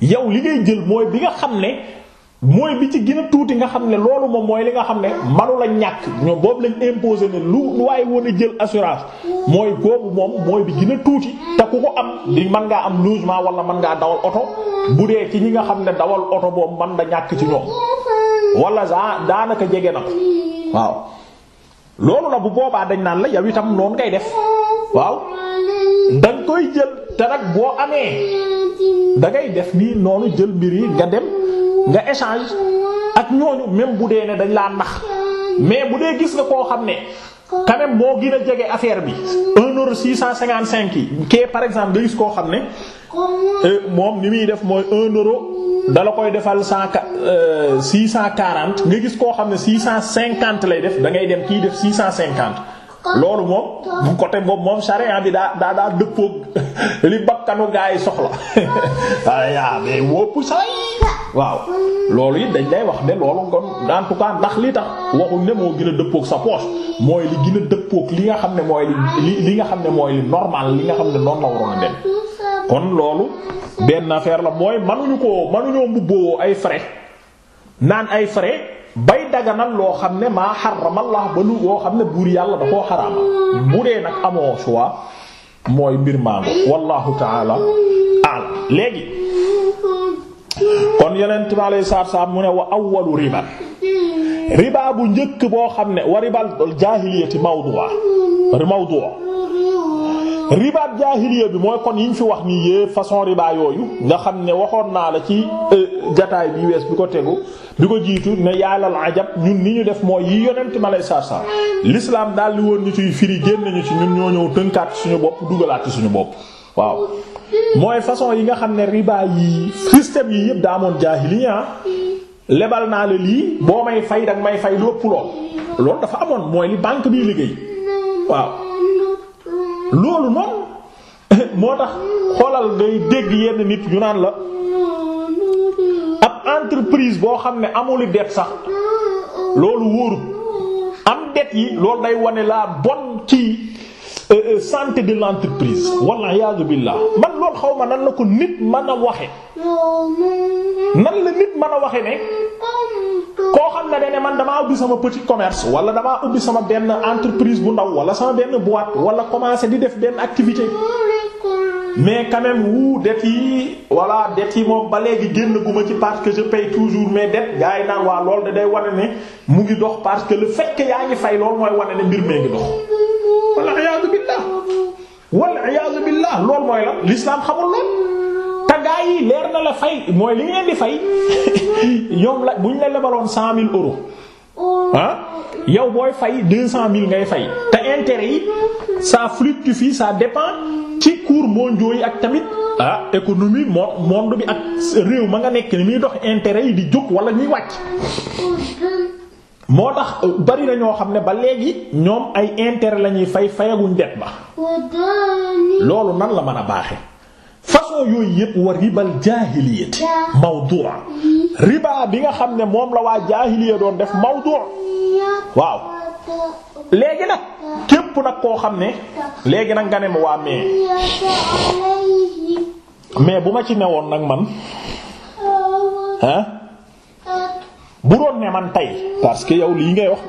yow li ngay jël mooy bi nga xam ne mooy bi ci gën tuuti nga xam ne loolu moom mooy li nga xam ne manu la ñàkk ñoom boobu lañ imposé ne lu waaye woon a jël assurance mooy boobu moom mooy bi gën tuuti te ku ko am di mën ngaa am logement wala mën ngaa dawal oto bu dee ci ñi nga xam ne dawal oto boobu man da ñàkk ci ñoom wala a daanaka jege na ko waaw loolu la bu boobaa dañ naan la yaw itam noonu ngay def waaw danga koy jël te nag boo amee dangay def nii noonu jël mbir yi nga dem nga échange ak ñooñu même bu dee ne dañ laa nax mais bu dee gis nga koo xam ne quand moo gën a jege affaire bi un euro six cent cinquante cinq yi kee par exemple nga gis koo xam ne euh, moom ni muy def mooy un euro dala koy defal cent euh, six cent quarante nga gis koo xam ne six cent cinquante lay def da ngay dem kii def six cent cinquante loolu moom bu côté boobu moom charia bi daa daa daa dëppoog li bakkanu gaa yi soxla aya ah, mais wópp say waaw loolu it dañ lay wax ne loolu kon en tout ndax li tax waxuñ ne moo gën a dëppoog sa poche mooy li gën a dëppoog li nga xam ne mooy li li nga xam ne mooy li normal li nga xam ne noonu la waroon a dem kon loolu benn affaire la mooy mënuñu ko mënuñoo mbubboo ay frais naan ay frais bay daganal loo xam ne maa xaramallah ba lu boo xam ne buur yàlla da koo xaraama bu dee nag amoo choix mooy mbir maango wallahu taala alam léegi kon yonent bi alayhi salaatu salaam wa awwalu riba riba bu njëkk boo xam ne wa ribal jaahiliyati mawdu'a mawdu' ribaab jaahiliya bi mooy kon yi ñu fi wax nii yee façon ribaa yooyu nga xam ne waxoon naa la ci euh, jataay bi wees bi ko tegu bi ko jiitu ne yàllal ajab ñun ni ñu def mooy yi yonent ma lay saar saar lislaam daal di woon ñu ciy firi génn ñu ci ñun ñoo ñëw tënkaat suñu bopp dugalaat ci suñu bopp waaw mooy façon yi nga xam ne riba yi système yi yëpp daa amoon ñaa lebal naa la lii boo may fay danga may fay lu ëpp loolu dafa amoon mooy li bànk bi loolu noonu moo tax xoolal ngay dégg yenn nit ñu naan la ab entreprise boo xam ne amul dette sax loolu wóorul am dette yi loolu nay wane la bon ci euh, euh, santé de l'entreprise walla iyaazu billaah man loolu xaw ma nan la ko nit man a waxe nan la nit mën a waxe ne koo xam ne dane man damaa ubbi sama petit commerce wala damaa ubbi sama benn entreprise bu ndaw wala sama benn boîte wala commencer di def benn activité mais quand même wu det yi voilà moom ba léegi génn gu ma ci parce que je paye toujours mais dettes gars yi naan waa lool da day wane ne mu ngi dox parce que le fekk yaa ngi fay lool mooy wane ne mbir mee ngi dox wal iyaadu billah wal iyaadu billah lool mooy la l'islam xamul lool gaa yi leer na la fay mooy li ngeen di fay ñoom la bu ñu la lebaloon cent mille euros oh. ah? yow booy fay deux cent mille ngay fay te intérêt yi ça fluctue fii ça dépend ci cours mondiaux yi ak tamit ah économie mo monde bi ak réew ma nga nekk ni muy dox intérêt yi di jóg wala ñuy wàcc. moo tax euh, bari na ñoo xam ne ba léegi ñoom ay intérêt la ñuy fay fayaguñ det ba oh, loolu nan la mën a baaxe façon yooyu yépp wa ribal jaahiliyati mawdu'a mm-hmm. riba bi nga xam ne moom la waa jaahiliya doon def mawdu' waaw léegi nag képp nag koo xam ne léegi nag nga ne ma waa mais mais bu ma ci newoon nag man ah bu doon ne man tey parce que yow lii ngay wax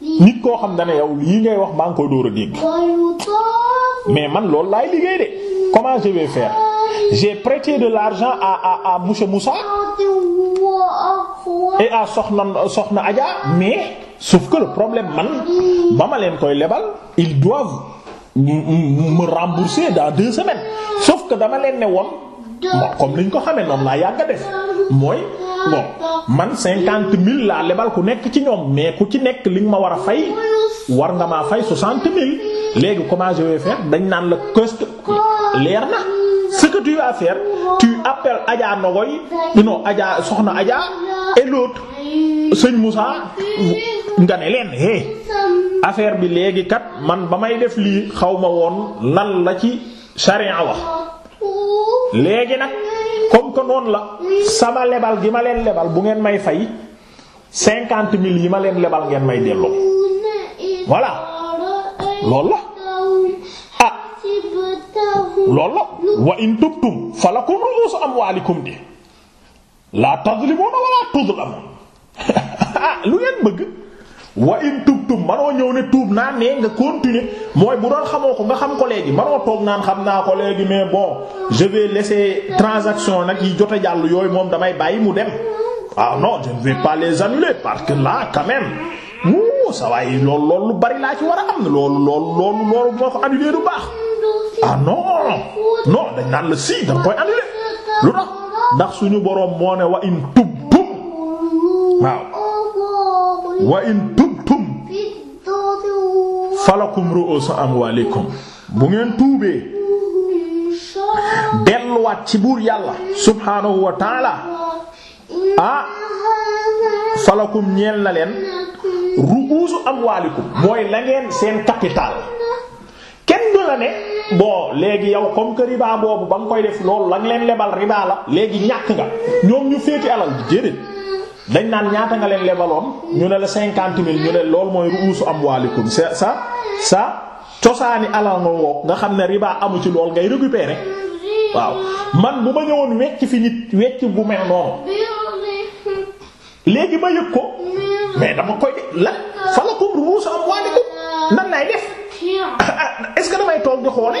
nit koo xam ne ne yow lii ngay wax maa ngi koy dóor a dégg mais man loolu laay liggéey de comment je vais j'ai prêté de l'argent à à à monsieur Moussa et à Soxna Soxna Adja mais sauf que le problème man ba ma leen koy lebal ils doivent me rembourser dans deux semaines sauf que dama leen ne woon bon comme liñ ko xamee noonu laa yàgg a def mooy bon man cinquante mille laa lebal ku nekk ci ñoom mais ku ci nekk li ma war a fay war nga ma fay soixante mille léegi comment je vais dañ naan la coste leer na. ce que tu vas faire tu appelles Adja Nogoy eh non Adja soxna Adja et sëñ Moussa nga ne leen hey eh, affaire bi léegi kat man ba may def lii xaw ma woon lan la ci charia wax léegi nag comme que noonu la sama lebal gi ma leen lebal bu ngeen may fay cinquante mille yi ma leen lebal ngeen may delloo voilà loolu la ah lool la wa in tubtum falakum ru'usu amwaalikum di laa tazlimuuna walaa tuzlamuun lu ngeen bëgg wa in tubtum manoo ñëw ne tuub naa nee nga continuer mooy bu doon xamoo ko nga xam ko léegi manoo toog naan xam naa ko léegi mais bon je vais laisser transaction nag yi jot a jàll yooyu moom damay bàyyi mu dem waaw ah non je ne vais pas les annuler parce que là quand wuu sa loolu loolu bari laa ci war a am loolu loolu loolu moo ko annulé du baax ah non non dañ naan la si da koy annulé lu tax ndax suñu boroom moo ne wa in tubtum waaw wa in tubtum falakum ru'usu amwalikum bu ngeen tuubee delluwaat ci buur yàlla subhaanahu wa taala ah falakum ñeel na leen ru'uusu amwaalikum mooy la seen capital kenn du la ne bon léegi yow comme que riba boobu ba nga koy def loolu lan leen lebal riba la léegi ñàkk nga ñoom ñu féeti alal ji déedéet dañ naan ñaata nga leen lebaloon ñu ne la cinquante mille ñu ne loolu mooy ru'uusu amwaalikum sa sa sa cosaani alal nga woog nga xam ne riba amu ci lool ngay récupérer waaw man bu ma ñëwoon wecc fi nit wecc bu mel noonu léegi ma yëg ko mais dama koy de lan falakum ru'uusu amwaalikum nan lay def ah, est-ce que damay toog di xoole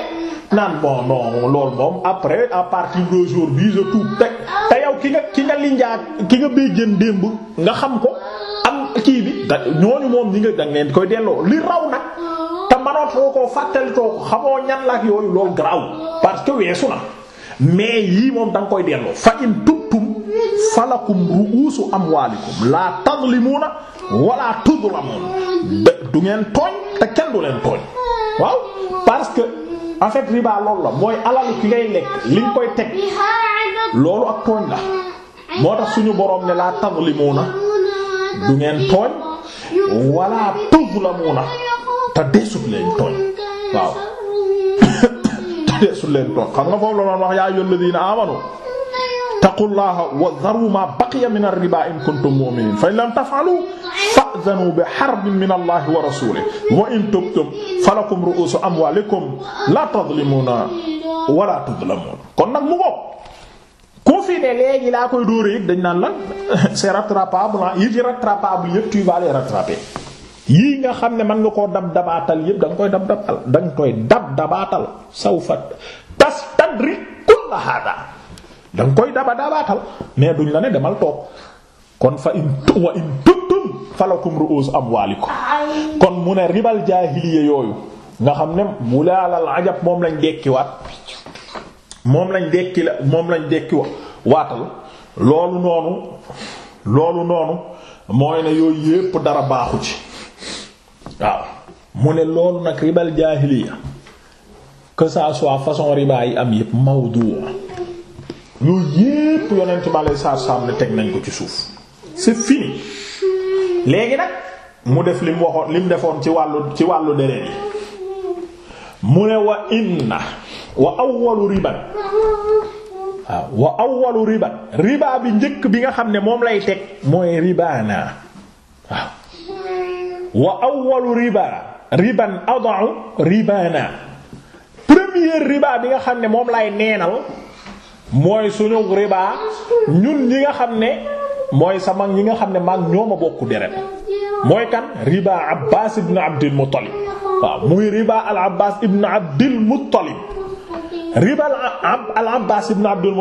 naan bon non loolu moom après à partir d'aujourd'hui je tout teg te yow ki nga ki nga linjaa ki nga béjjën démb nga xam ko am kii bi da ñooñu moom ñi nga dang leen koy delloo li raw nag te manoot foo ko fàttalitoo ko xamoo ñan la ak yooyu loolu graw parce que weesu na mais yii moom da koy delloo fa in tubtum falakum ru'usu amwaalikum laa tadlimuuna wala tudlamuun du ngeen tooñ te kenn du leen tooñ waaw parce que en fait loolu la mooy alalu ki ngay lekk li koy teg loolu ak tooñ la moo tax suñu boroom ne laa tadlimuuna du ngeen tooñ wala tudlamuuna te deesut leen tooñ waaw deesu leen toog xam nga foofu la doon wax yaa ayyuhal ladina amanu taqullaha wa dharu ma baqiya min ar-riba in kuntum mu'minin fa in lam taf'alu fa'zanu bi harbin min allahi wa rasulihi wa in tubtum falakum ru'usu amwalikum la tadhlimuna wa la tudlamun kon nag mu ngoog ku fi ne léegi laa koy dóore yëg dañ naan lan c'est rattrapable ah, yëg yi rattrapable yëpp tu vas les rattraper yii nga xam ne man nga koo dab dabaatal yépp danga koy dab da nga koy dab dabaatal saw fa tastadrik kulla hada da nga koy daba dabaatal mais duñ la ne demal toog kon fa in wa in tubtum falakum ru'us amwalikum kon mu ne ribal jaahiliya yooyu nga xam ne mu laalal ajab moom lañ dekkiwaat moom lañ dekki la moom lañ dekki waatal loolu noonu loolu noonu mooy ne yooyu yépp dara baaxu ci waaw mu ne loolu nag ribal jaahiliya que ça soit façon riba yi am yépp mawdu yooyu yépp yonent ma lay saar saam ne teg nañ ko ci suuf c'est fini léegi nag mu def li mu waxoon li defoon ci wàllu ci wàllu yi mu ne wa inna wa awwalu riban waaw wa awwalu riban riba bi njëkk bi nga xam ne moom lay teg mooy ribaana waaw wa awwalu riba riban adau ribana premier riba bi nga xam ne moom lay neenal mooy suñu riba ñun ñi nga xam ne mooy sama ñi nga xam ne maag ma bokk deret mooy kan riba abbas ibn abdil muttalib waaw muy riba al abbas ibn abdil muttalib riba al abbas ibn abdil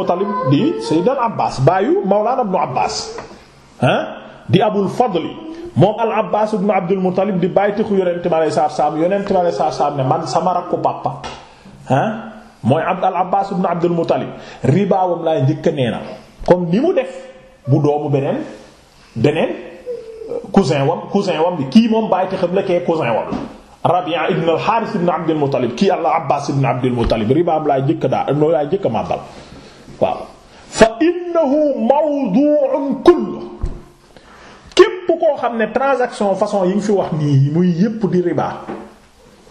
di sayyid al abbas baayu mawlana ibn abbas ah di abul fadli moom al abbaas ibn abdul muttalib di bàytixu yonent bi alay salaam yonent bi alay salaam ne man sama rakku pàppa ah mooy abd al abbaas ibn abdul muttalib ribaawam laay njëkk nee na comme ni mu def bu doomu beneen beneen euh, cousin wam cousin wam bi kii moom bàytixam la kee cousin wam rabia ibn al haaris ibn abdul muttalib kii al abbaas ibn abdul muttalib ribaawam laay njëkk daa laay njëkk màbbal waaw fa innahu mawdu'un kullu képp koo xam ne transaction façon yi nga fi wax nii muy yépp di riba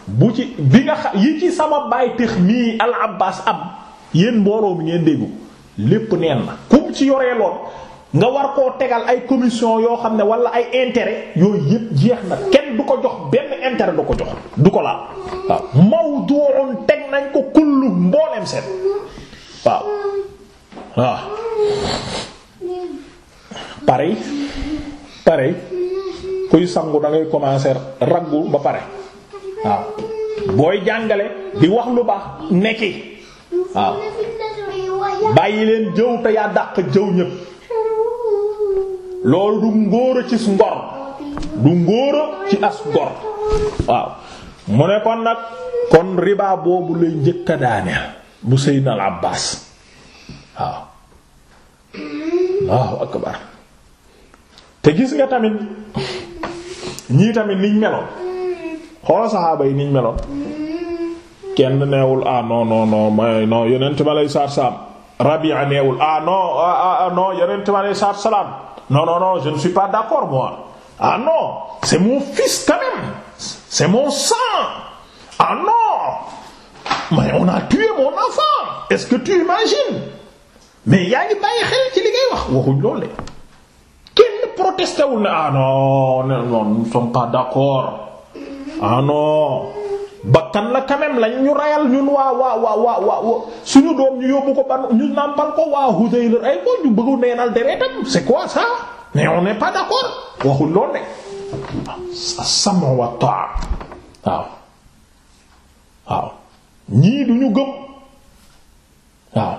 bu ci bi nga xam yi ci sama baay tëx nii al abbas am yéen mbooloo mi ngeen déggu lépp neen na kum ci yoree lool nga war koo tegal ay commission yoo xam ne wala ay intérêt yooyu yépp jeex na kenn du ko jox benn intérêt du ko jox du ko laal waaw mawdu'un teg nañ ko kullu mbooleem seen waaw waaw pareil tare kuy sangu dangay ngay commencer raggu ba pare waaw booy jàngale di wax lu baax nekki waaw bàyyi leen jëw te yaa dàq jëw ñépp loolu du ngóora ci ngor du ngóora ci as ngor waaw mu ne kon nag kon riba boobu lay njëkk daaneel bu Seydina al Abbaas waaw Allahu akbar te gis nga tamit ñii tamit niñ meloon xoola saxaaba yi niñ meloon kenn neewul ah non non non mais non yonent ma lay saar saam Rabia neewul ah non ah, ah, ah non yonent ma lay salaam non non non je ne suis pas d'accord moi ah c'est mon fils quand c'est mon sang ah non on a tué mon enfant est-ce que tu imagines mais yaa ngi bàyyi xel ci li ngay wax waxuñ loolu kenn protesté wul ne ah non non nous ne sommes pas d'accord ah non bakkan la quand même lañ ñu rayal ñun waa waa waa waa waa suñu doom ñu yóbbu ko ban ñu nàmpal ko waa Hudayl ay ko ñu bëggu neenal deretam c'est quoi ça mais on n'est pas d'accord waxul lool de sama wa taa waaw waaw ñii du ñu gëm waaw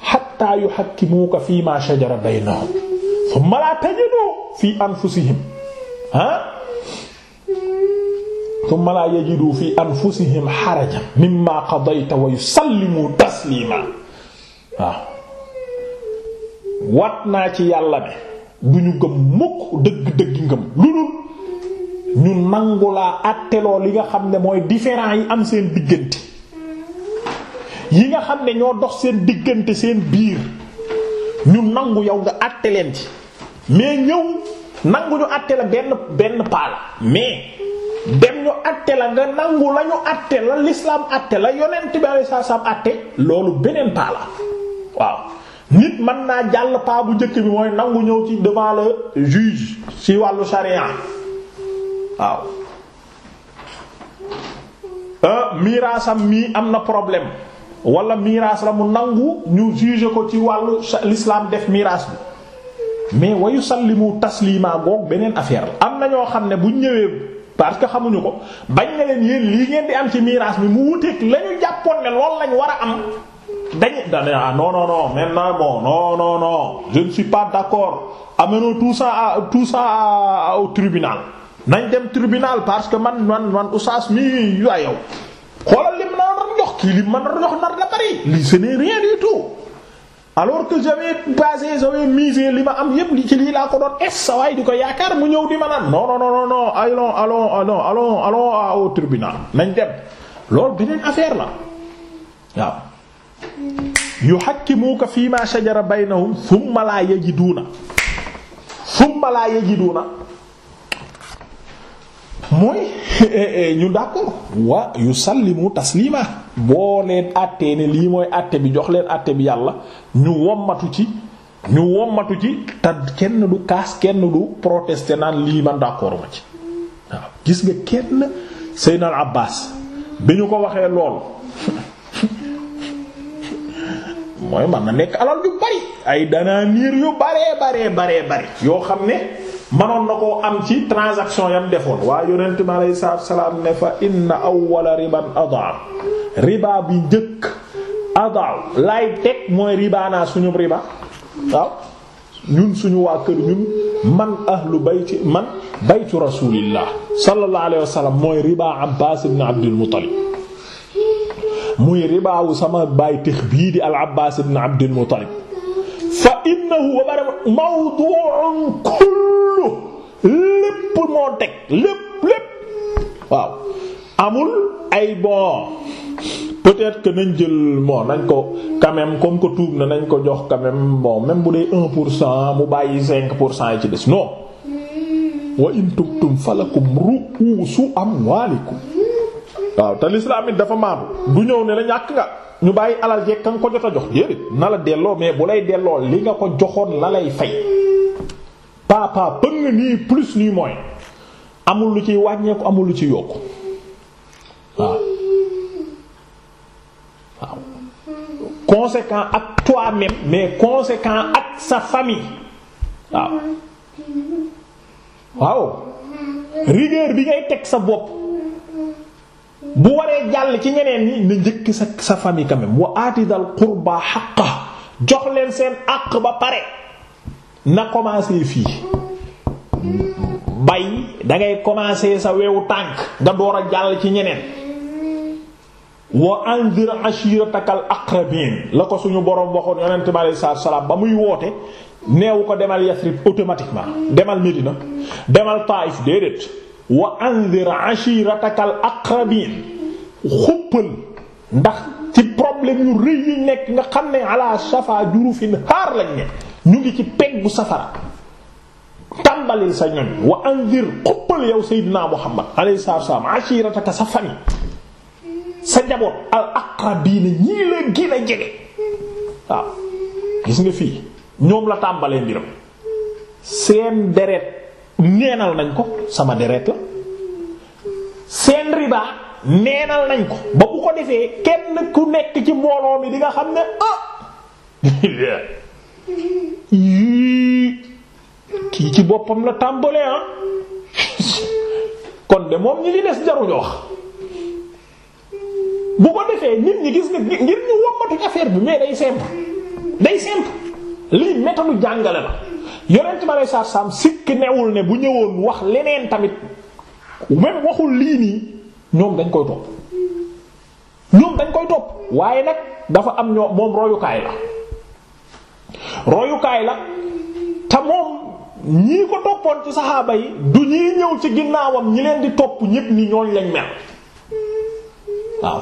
hatta yuhakkimuka fi ma shajara baynahum summa laa tajidu fi anfusihim ah summa laa yajidu fi anfusihim xarajan mimma qadayta wa waaw wat naa ci yàlla bi du ñu gëm mukk dëgg-dëgg ngëm lu dul ñu nangulaa àtteloo li nga xam ne mooy différent yi am seen diggante yi nga xam ne ñoo dox seen diggante seen biir ñu nangu yow nga àtte ci mais ñëw nangu ñu àtte la benn benn paal mais dem ñu àtte la nga nangu la ñu àtte la l'islam àtte la yonent bi alayhi salaam àtte loolu beneen paala waaw nit mën naa jàll paa bu njëkk bi mooy nangu ñëw ci devant le juge ci wàllu charia waaw euh, miraasam mii am na problème walla miraas la mu nangu ñu juge ko ci wàllu l'islam def miraas bi mais wayu sallimu taslima goog beneen affaire la am na ñoo xam ne bu ñëwee parce que xamuñu ko bañ na leen yéen lii ngeen di am ci miraas mi mu wuteeg la ñu jàppoon ne loolu lañ war a am dañu dañu ah non non non je ne suis pas d'accord amenons tout ça à tout ça au tribunal nañ dem tribunal parce que man man man oustaz mi waa xoolal lim na nar jox kii lim ma nar jox la bari lii ce n'est rien du alors que j'avais basé j'avais misé li ma am yépp li ci lii laa ko doon es sa waay di ko yaakaar mu ñëw di ma naan non non non non allons allons non allons allons ah, au tribunal nañ dem loolu beneen affaire la waaw yuhakkimuka fii ma shajara baynahum thumma la yajiduna thumma la yajiduna mooy ñu d'accord wa yusallimu taslima boo leen àttee ne lii mooy àtte bi jox leen àtte bi yàlla ñu wommatu ci ñu wommatu ci te kenn du kaas kenn du protester naan lii man d'accord ma ci waaw gis nga kenn Seydina Al Abbas bi ñu ko waxee lool mooy man na nekk alal yu bari ay danaa niir yu baree baree baree bari yoo xam ne manoon na koo am ci transaction yam defoon waa yonent mi aleyhi salaatu wa salaam ne fa inna awwala riban adar riba bi njëkk adaaw laay teg mooy ribaanaa suñu riba waaw ñun suñu waa kër ñun man ahlu bayti man baytu rasulillah sallallahu alayhi wa sallam mooy riba abbas ibn abdul muttalib muy ribaawu sama baay tex bii di al abbas ibn muttalib fa innahu wa bara mawdu'un kullu lépp moo teg lépp lépp waaw amul ay bon peut-être que nañ jël bon nañ ko quand même comme que tuub na nañ ko jox quand même bon bu dee un pour cent mu bàyyi cinq pour cent yi ci des non wa in tubtum falakum ru'usu amwaalikum waaw te l'islam it dafa maandu du ñëw ne la ñàkk nga ñu bàyyi alal jekk nga ko jot a jox déedéet na la delloo mais bu lay delloo li nga ko joxoon la lay fay papa pëng nii plus nii mooy amul lu ciy wàññeeku amul lu ci yokk waaw waaw conséquent ak toi mais conséquent ak sa famille waaw waaw rigueur bi ngay teg sa bopp bu waree jàll ci ñeneen yi na njëkk sa sa famille quand même wa aati dal qurba xaqa jox leen seen àq ba pare na commencer fii bay dangay commencer sa wewu tànk nga door a jàll ci ñeneen wa anzir ashiratakal aqrabin la ko suñu borom waxoon yonent bi alayhi salaam ba muy woote neewu ko demal Yasrib automatiquement demal Medina demal Taif déedéet wa anzir ashiratakal aqrabin xuppal ndax ci problème yu rëy yi nekk nga xam ne ala safa jurufin haar lañ ne ñu ngi ci peggu safara tàmbalil sa ñoñ wa anzir xuppal yow Seydina Muhammad alayhi salaam ashirataka sa famille sa njaboot al aqrabiina ñii la gën a jege waaw gis nga fii ñoom la tàmbalee mbiram seen deret neenal nañ ko sama deret seen riba neenal nañ ko ba bu ko defee kenn ku nekk ci mbooloo mi di nga xam ne ah! kii ci boppam la tàmbalee ah kon de moom ñi li des jaruñu wax bu ko defee nit ñi gis nga ngir ñu wommatuñ affaire bi mais day simple day simple lii méthode jàngale la yonent ma lay saar saam sikk newul ne bu ñëwoon wax leneen tamit même waxul lii nii ñoom dañ koy topp ñoom dañ koy topp waaye nag dafa am ñoo moom royukaay la royukaay la te moom ñii ko toppoon ci saxaaba yi du ñuy ñëw ci ginnaawam ñi leen di topp ñépp ni ñooñ lañ mel waaw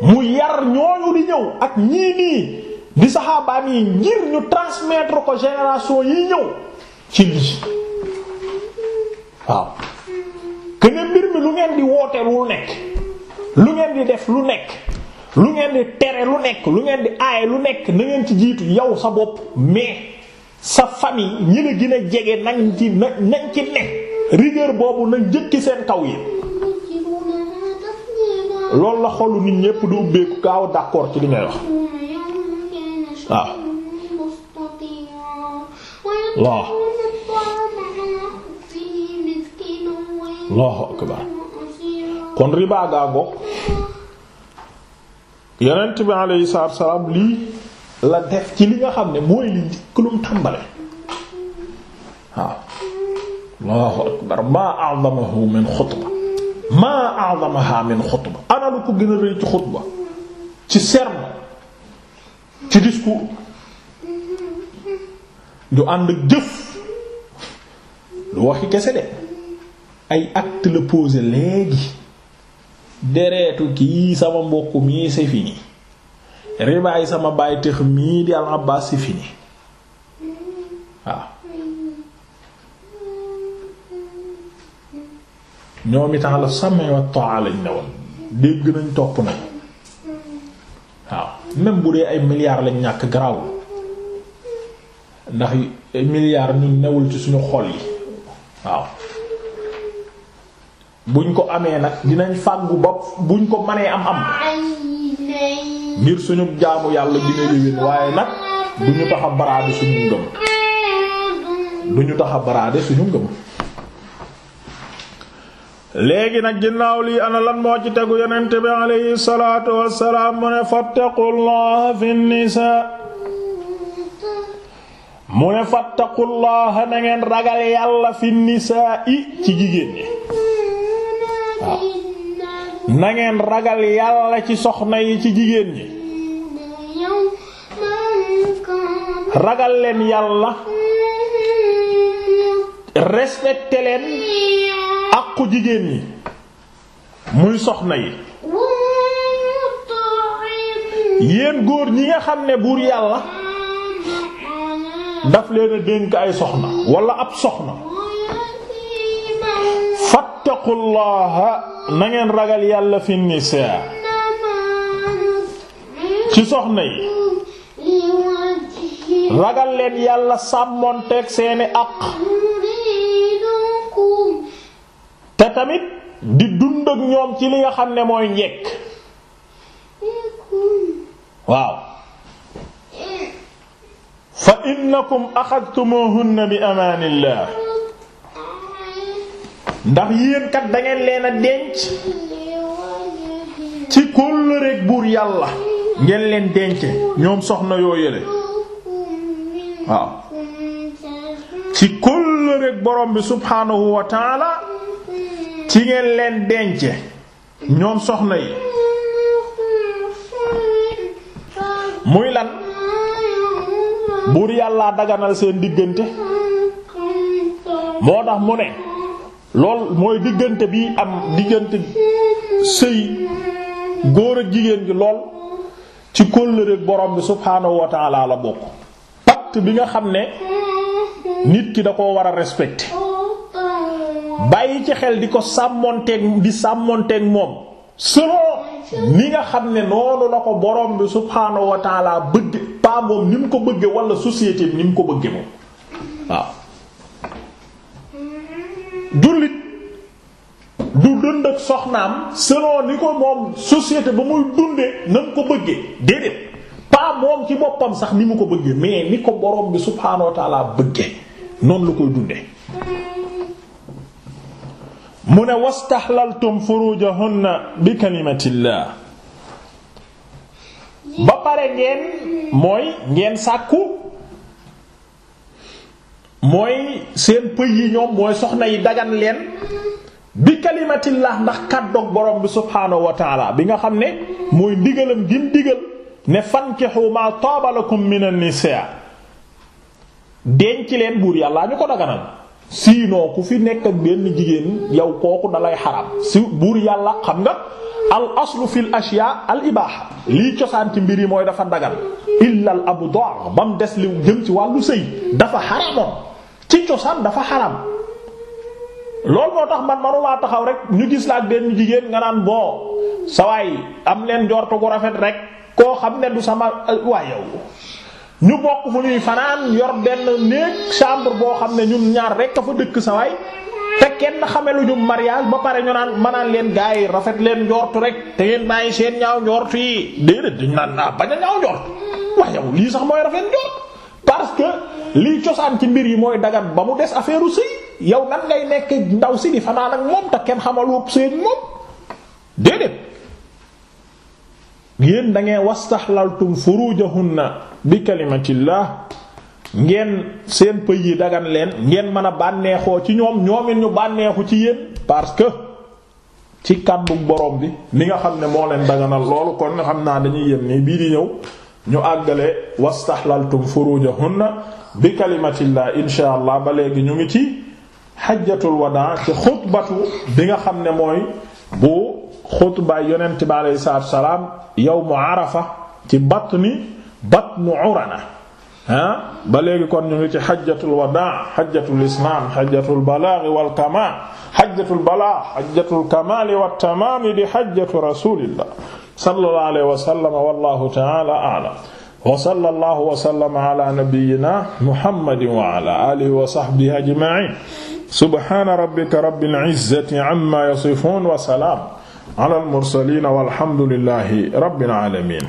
mu yar ñooñu di ñëw ak ñii nii di saxaabaan yi ngir ñu transmettre ko génération yi ñëw ci lii waaw kene mbir mi lu ngeen di woote lu nekk lu ngeen di def lu nekk lu ngeen di tere lu nekk lu ngeen di aay lu nekk na ngeen ci jiitu yow sa bopp mais sa famille ñi la gën a jege na ci nañ ci ne rigueur boobu na njëkki seen kaw yi loolu la xolu nit ñépp du ubbeeku gaaw d'accord ci li ngay wax waaw ah. waaw kon riba gaa goog yonent bi alayhi salaam lii la def ci li nga xam ne mooy li njëkk lu mu waaw ah. Allahu akbar maa a'zamahu min xutba maa a'zamaha min xutba xanaa lu ko gën a rëy ci xutba ci sermon ci discours du ànd ak jëf lu waxi kese de ay acte la posé léegi dereetu kii sama mbokk mii c'est fini ribaay sama baay tëx mii di al Abbaas c'est fini waaw ñoom itam la sàmmee wa ta'ala lañ ne woon dégg nañ topp nañ waaw même bu dee ay milliards lañ ñàkk garaawul ndax milliards ñun newul ci suñu xol yi waaw buñ ko amee nag dinañ fàggu bopp buñ ko mënee am am ngir suñu jaamu yàlla dina yéwén waaye nag duñu tax a baraade suñu ngëm duñu tax baraade suñu ngëm léegi nag ginnaaw lii ana lan moo ci tegu yonent bi alayhi salaatu wassalaam mu ne fattaqullaha fi nisaa mu ne fattaqullaha na ngeen ragal yàlla fi nisaa i ci jigéen ñi waaw ngeen ragal yàlla ci soxna yi ci jigéen ñi ragal leen yàlla respecté leen àqu jigéen ñi muy soxna yéen góor ñi nga xam ne buur yàlla daf leen dénk ay soxna wala ab soxna fattaqullaha na ngeen ragal yàlla fi nisaa ci soxna yi ragal leen yàlla sàmmoonteeg seeni àq tamit di dund ak ñoom ci li nga xam ne mooy njekk waaw fa innakum axadtumuhunna bi amaanillah ndax yéen kat da ngeen leen a denc ci kóllëreek buur yàlla ngeen leen denc ñoom soxna yoo yële waaw ci kóllëreek borom bi subhaanahu wa ci ngeen leen dence ñoom soxna yi muy lan buur yàlla daganal seen diggante moo tax mu ne lool mooy diggante bi am diggante sëy góor ak jigéen gi lool ci kóllëreek borom bi subhaanahu wa la bokk pacte bi nga xam ne nit ki da ko war a respecter bàyyi ci xel di ko sàmmonteeg di sàmmonteeg moom selon ni nga xam ne noonu la ko boroom bi subhaanahu wa taala bëgg paa moom ni mu ko bëgge wala société ni mu ko bëgge moom waaw ko moom ba muy dunde na ko bëgge déedéet paa moom ci boppam sax ni mu ko bëgge mais ni ko borom bi subhaanahu wa bëgge noonu la koy dunde mu ne wastaxlaltum furujahunna bi kalimatillah ba pare ngeen mooy ngeen sàkku mooy seen pëy yi ñoom mooy soxna yi dagan leen bi kalimatillah ndax kàddoog borom bi subhaanahu wa bi nga xam ne mooy ndigalam gim digal ne fankihu ma taaba lakum minan nisaa leen buur yàlla ñu ko daganal sinon ku fi nekk ak benn jigéen yow kooku dalay xaram si buur yàlla xam nga al aslu fil ashiya al ibaaha lii cosaan ci mbir yi mooy dafa dagal illa al abdar ba mu des li jëm ci wàllu sëy dafa xaramoon ci cosaan dafa xaram loolu moo tax man manulaa taxaw rek ñu gis la ak benn jigéen nga naan bon sawaay am leen njortu gu rafet rek koo xam ne du sama waa yow ñu bokk fu ñuy fanaan yor benn néeg chambre boo xam ne ñun ñaar rekk a fa dëkk sa te kenn xamelu ñu mariage ba pare ñu naan manaan leen gars yi rafet leen njortu rek te ngeen bàyyi seen ñaaw njort yi déedéet dañu naan naa bañ a ñaaw njort waaye yow lii sax mooy rafet njort parce que lii cosaan ci mbir yi mooy dagan ba mu des affaire u sëy yow nan ngay nekk ndaw si di fanaan ak moom te kenn xamaloo sëy moom déedéet yéen da ngeen wastaxlaltum furujahunna bi kalimatillah ngeen seen pëy yi dagan leen ngeen mën a bànneexoo ci ñoom ñoomit ñu bànneexu ci yéen parce que ci kàddu borom bi li nga xam ne moo leen daganal loolu kon nga xam naa dañuy yéen nii bii di ñëw ñu àggale wastaxlaltum furujahunna bi kalimatillah insha allah ba léegi ñu ngi ci xajjatul wadaa ci xutbatu bi nga xam ne mooy bu xutbaay yonent bi aleyhi salaatu wa salaam yawmu arafa ci batni batnu urana ah ba léegi kon ñu ngi ci xajjatul wadaa xajjatul islaam xajjatul balaagi wal kamaal xajjatul balaag xajjatul kamaali wat tamaami di xajjatu rasuulillah sallallahu alayhi wa sallam wallaahu ta'aala a'lam wa sallallahu wa sallama ala nabiyyina muhammadin wa ala alihi wa sahbihi ajma'iin subhaana rabbika rabbil izzati amma yasifuun wa salaam ala al mursaliin walhamdulillahi rabbil aalamiin